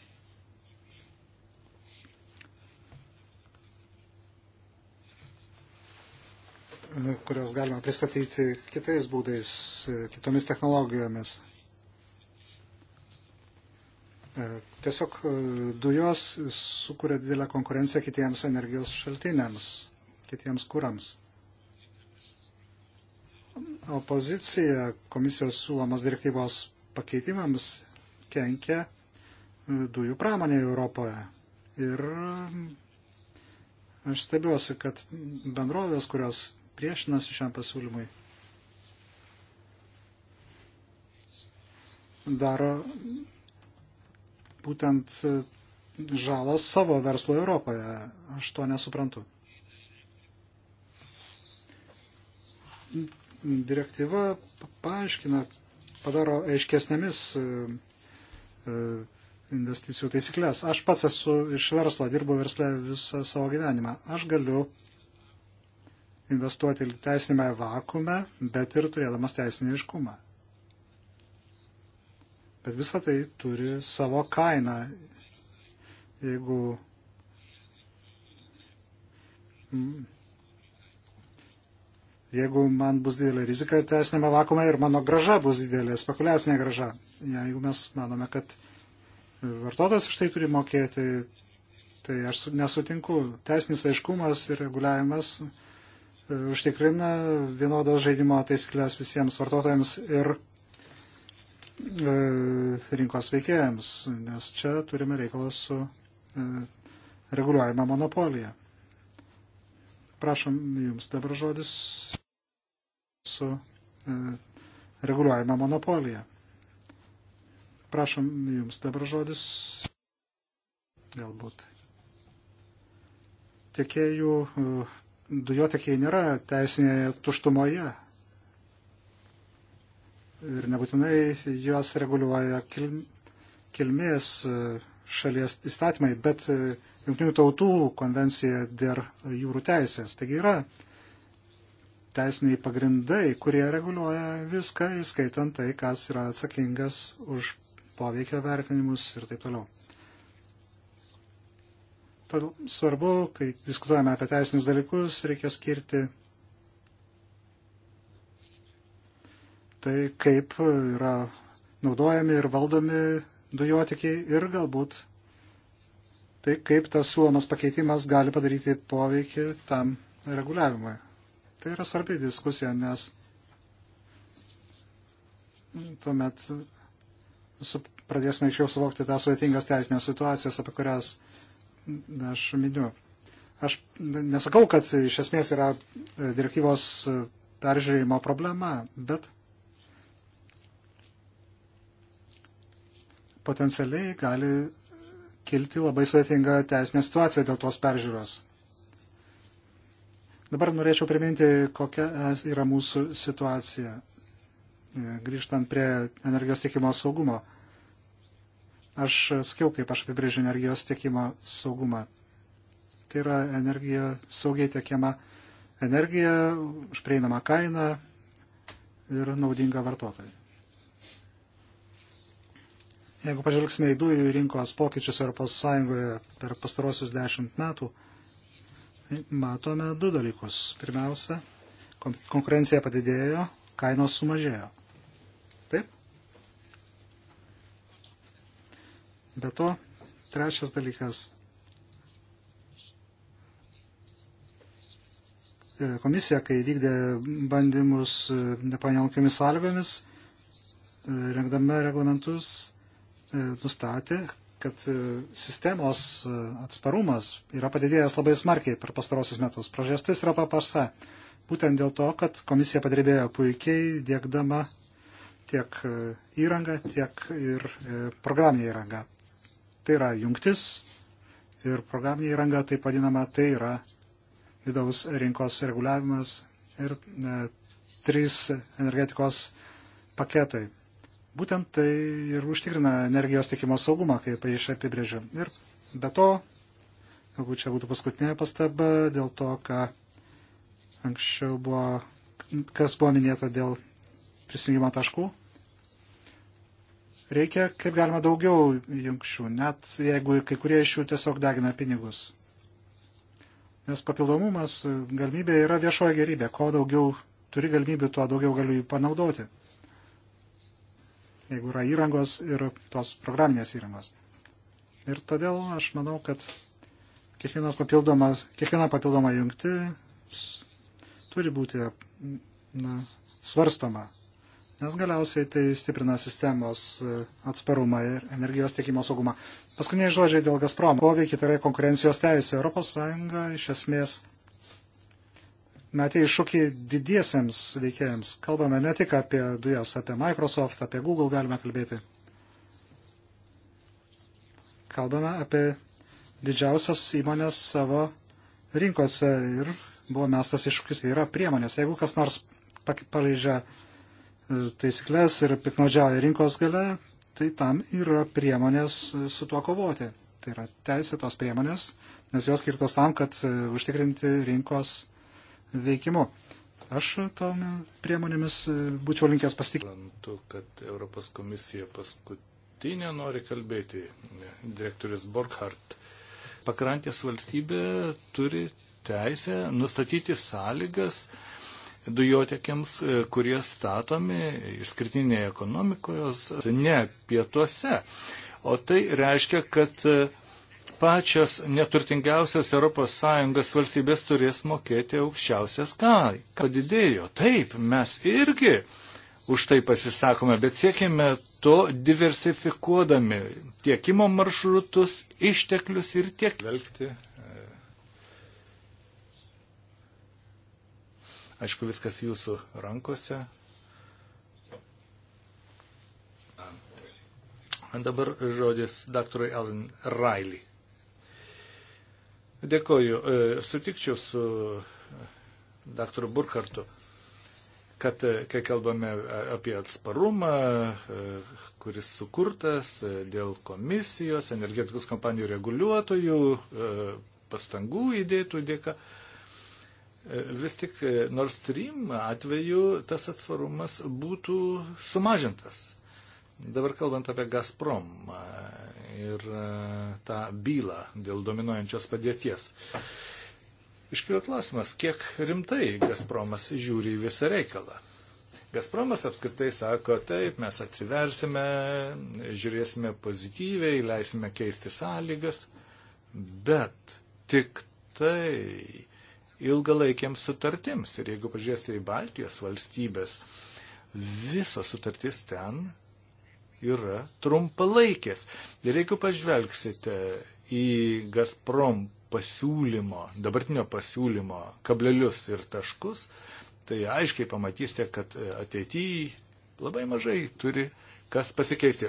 kurios galima pristatyti kitais būdais, kitomis technologijomis. E, tiesiog e, dujos sukuria didelę konkurenciją kitiems energijos šaltiniams, kitiems kūrams opozicija komisijos siūlomos direktyvos pakeitimams kenkia e, dujų pramonė Europoje. Ir e, aš stebiuosi, kad bendrovės, kurios priešinasi šiam pasiūlymui, daro būtent e, žalą savo verslo Europoje. Aš to nesuprantu direktyva paaiškina, padaro aiškesnėmis e, e, investicijų taisyklės. Aš pats esu iš verslo, dirbu verslę visą savo gyvenimą. Aš galiu investuoti teisinėme vakume, bet ir turėdamas teisinį iškumą. Bet visa tai turi savo kainą. Jeigu Jeigu man bus didelė rizika teisinėme vakume ir mano graža bus didelė, spekuliacinė graža. Jeigu mes manome, kad vartotojas už tai turi mokėti, tai aš nesutinku. Teisinis aiškumas ir reguliavimas e, užtikrina vienodas žaidimo taisyklės visiems vartotojams ir e, rinkos veikėjams, nes čia turime reikalą su e, reguliuojama monopolija. Prašom Jums dabar žodis su e, reguliuojama monopolija. Prašom Jums dabar žodis galbūt. Tiekėjų e, dujotekiai nėra teisinėje tuštumoje. Ir nebūtinai juos reguliuoja kilmės e, šalies įstatymai, bet e, Junktinių tautų konvencija dėl jūrų teisės. Taigi yra teisiniai pagrindai, kurie reguliuoja viską, įskaitant tai, kas yra atsakingas už poveikio vertinimus ir taip toliau. Todėl svarbu, kai diskutuojame apie teisinius dalykus, reikia skirti tai, kaip yra naudojami ir valdomi dujotikiai ir galbūt tai, kaip tas siūlomas pakeitimas gali padaryti poveikį tam reguliavimui. Tai yra svarbi diskusija, nes tuomet su, pradėsime aiškiau suvokti tą sudėtingas teisinės situacijas, apie kurias aš miniu. Aš nesakau, kad iš esmės yra e, direktyvos e, peržiūrėjimo problema, bet potencialiai gali kilti labai sudėtinga teisinė situacija dėl tos peržiūros. Dabar norėčiau priminti, kokia yra mūsų situacija, e, grįžtant prie energijos tiekimo saugumo. Aš sakiau, kaip aš apibrėžiu energijos tiekimo saugumą. Tai yra energija saugiai tiekiama energija už prieinamą kainą ir naudinga vartotojai. Jeigu pažvelgsime į dujų rinkos pokyčius Europos Sąjungoje per pastarosius dešimt metų, tai matome du dalykus. Pirmiausia, konkurencija padidėjo, kainos sumažėjo. Taip? Be to, trečias dalykas. E, komisija, kai vykdė bandymus e, nepanenkiomis sąlygomis, e, rengdama reglamentus, E, nustatė, kad e, sistemos e, atsparumas yra padidėjęs labai smarkiai per pastarosius metus. Priežastis yra paprasta. Būtent dėl to, kad komisija padirbėjo puikiai, dėkdama tiek įrangą, tiek ir programinę įrangą. Tai yra jungtis ir programinė įranga, taip vadinama, tai yra vidaus rinkos reguliavimas ir e, trys energetikos paketai. Būtent tai ir užtikrina energijos tikimo saugumą, kaip iš apibrėžiu. Ir be to, galbūt čia būtų paskutinė pastaba dėl to, ką anksčiau buvo, kas buvo minėta dėl prisijungimo taškų. Reikia kaip galima daugiau jungčių, net jeigu kai kurie iš jų tiesiog degina pinigus. Nes papildomumas, galimybė yra viešoja gerybė. Ko daugiau turi galimybių, tuo daugiau galiu jų panaudoti jeigu yra įrangos ir tos programinės įrangos. Ir todėl aš manau, kad kiekvienas papildomas, kiekviena papildoma jungti turi būti na, svarstoma, nes galiausiai tai stiprina sistemos e, atsparumą ir energijos tiekimo saugumą. Paskutiniai žodžiai dėl Gazpromo. Poveikiai tai yra konkurencijos teisė. ES iš esmės metė iššūkį didiesiems veikėjams. Kalbame ne tik apie dujas, apie Microsoft, apie Google galime kalbėti. Kalbame apie didžiausias įmonės savo rinkose ir buvo mestas iššūkis, yra priemonės. Jeigu kas nors pareidžia taisyklės ir piknaudžiauja rinkos gale, tai tam yra priemonės e, su tuo kovoti. Tai yra teisėtos priemonės, nes jos skirtos tam, kad e, užtikrinti rinkos veikimu. Aš to priemonėmis e, būčiau linkęs pasitikrinti. kad Europos komisija paskutinė nori kalbėti. Direktorius Borghardt. Pakrantės valstybė turi teisę nustatyti sąlygas dujotekiams, e, kurie statomi išskirtinėje ekonomikoje, ne pietuose. O tai reiškia, kad e, pačios neturtingiausios ES valstybės turės mokėti aukščiausias kainą. Padidėjo. Taip, mes irgi už tai pasisakome, bet siekime to diversifikuodami tiekimo maršrutus, išteklius ir tiek. Velgti. E, aišku, viskas jūsų rankose. Dabar žodis daktarui Alan Riley. Dėkoju. E, sutikčiau su e, daktaru Burkartu, kad e, kai kalbame apie atsparumą, kuris sukurtas dėl komisijos, energetikos kompanijų reguliuotojų, pastangų įdėtų dėka, vis tik Nord Stream atveju tas atsvarumas būtų sumažintas. Dabar kalbant apie Gazprom e, ir e, tą bylą dėl dominuojančios padėties. Iškilo klausimas, kiek rimtai Gazpromas žiūri į visą reikalą. Gazpromas apskritai sako, taip, mes atsiversime, žiūrėsime pozityviai, leisime keisti sąlygas, bet tik tai ilgalaikiams sutartims. Ir jeigu pažiūrėsite į Baltijos valstybės, visos sutartys ten yra trumpalaikės. Ir jeigu pažvelgsite į Gazprom pasiūlymo, dabartinio pasiūlymo kablelius ir taškus, tai aiškiai pamatysite, kad ateityje labai mažai turi kas pasikeisti.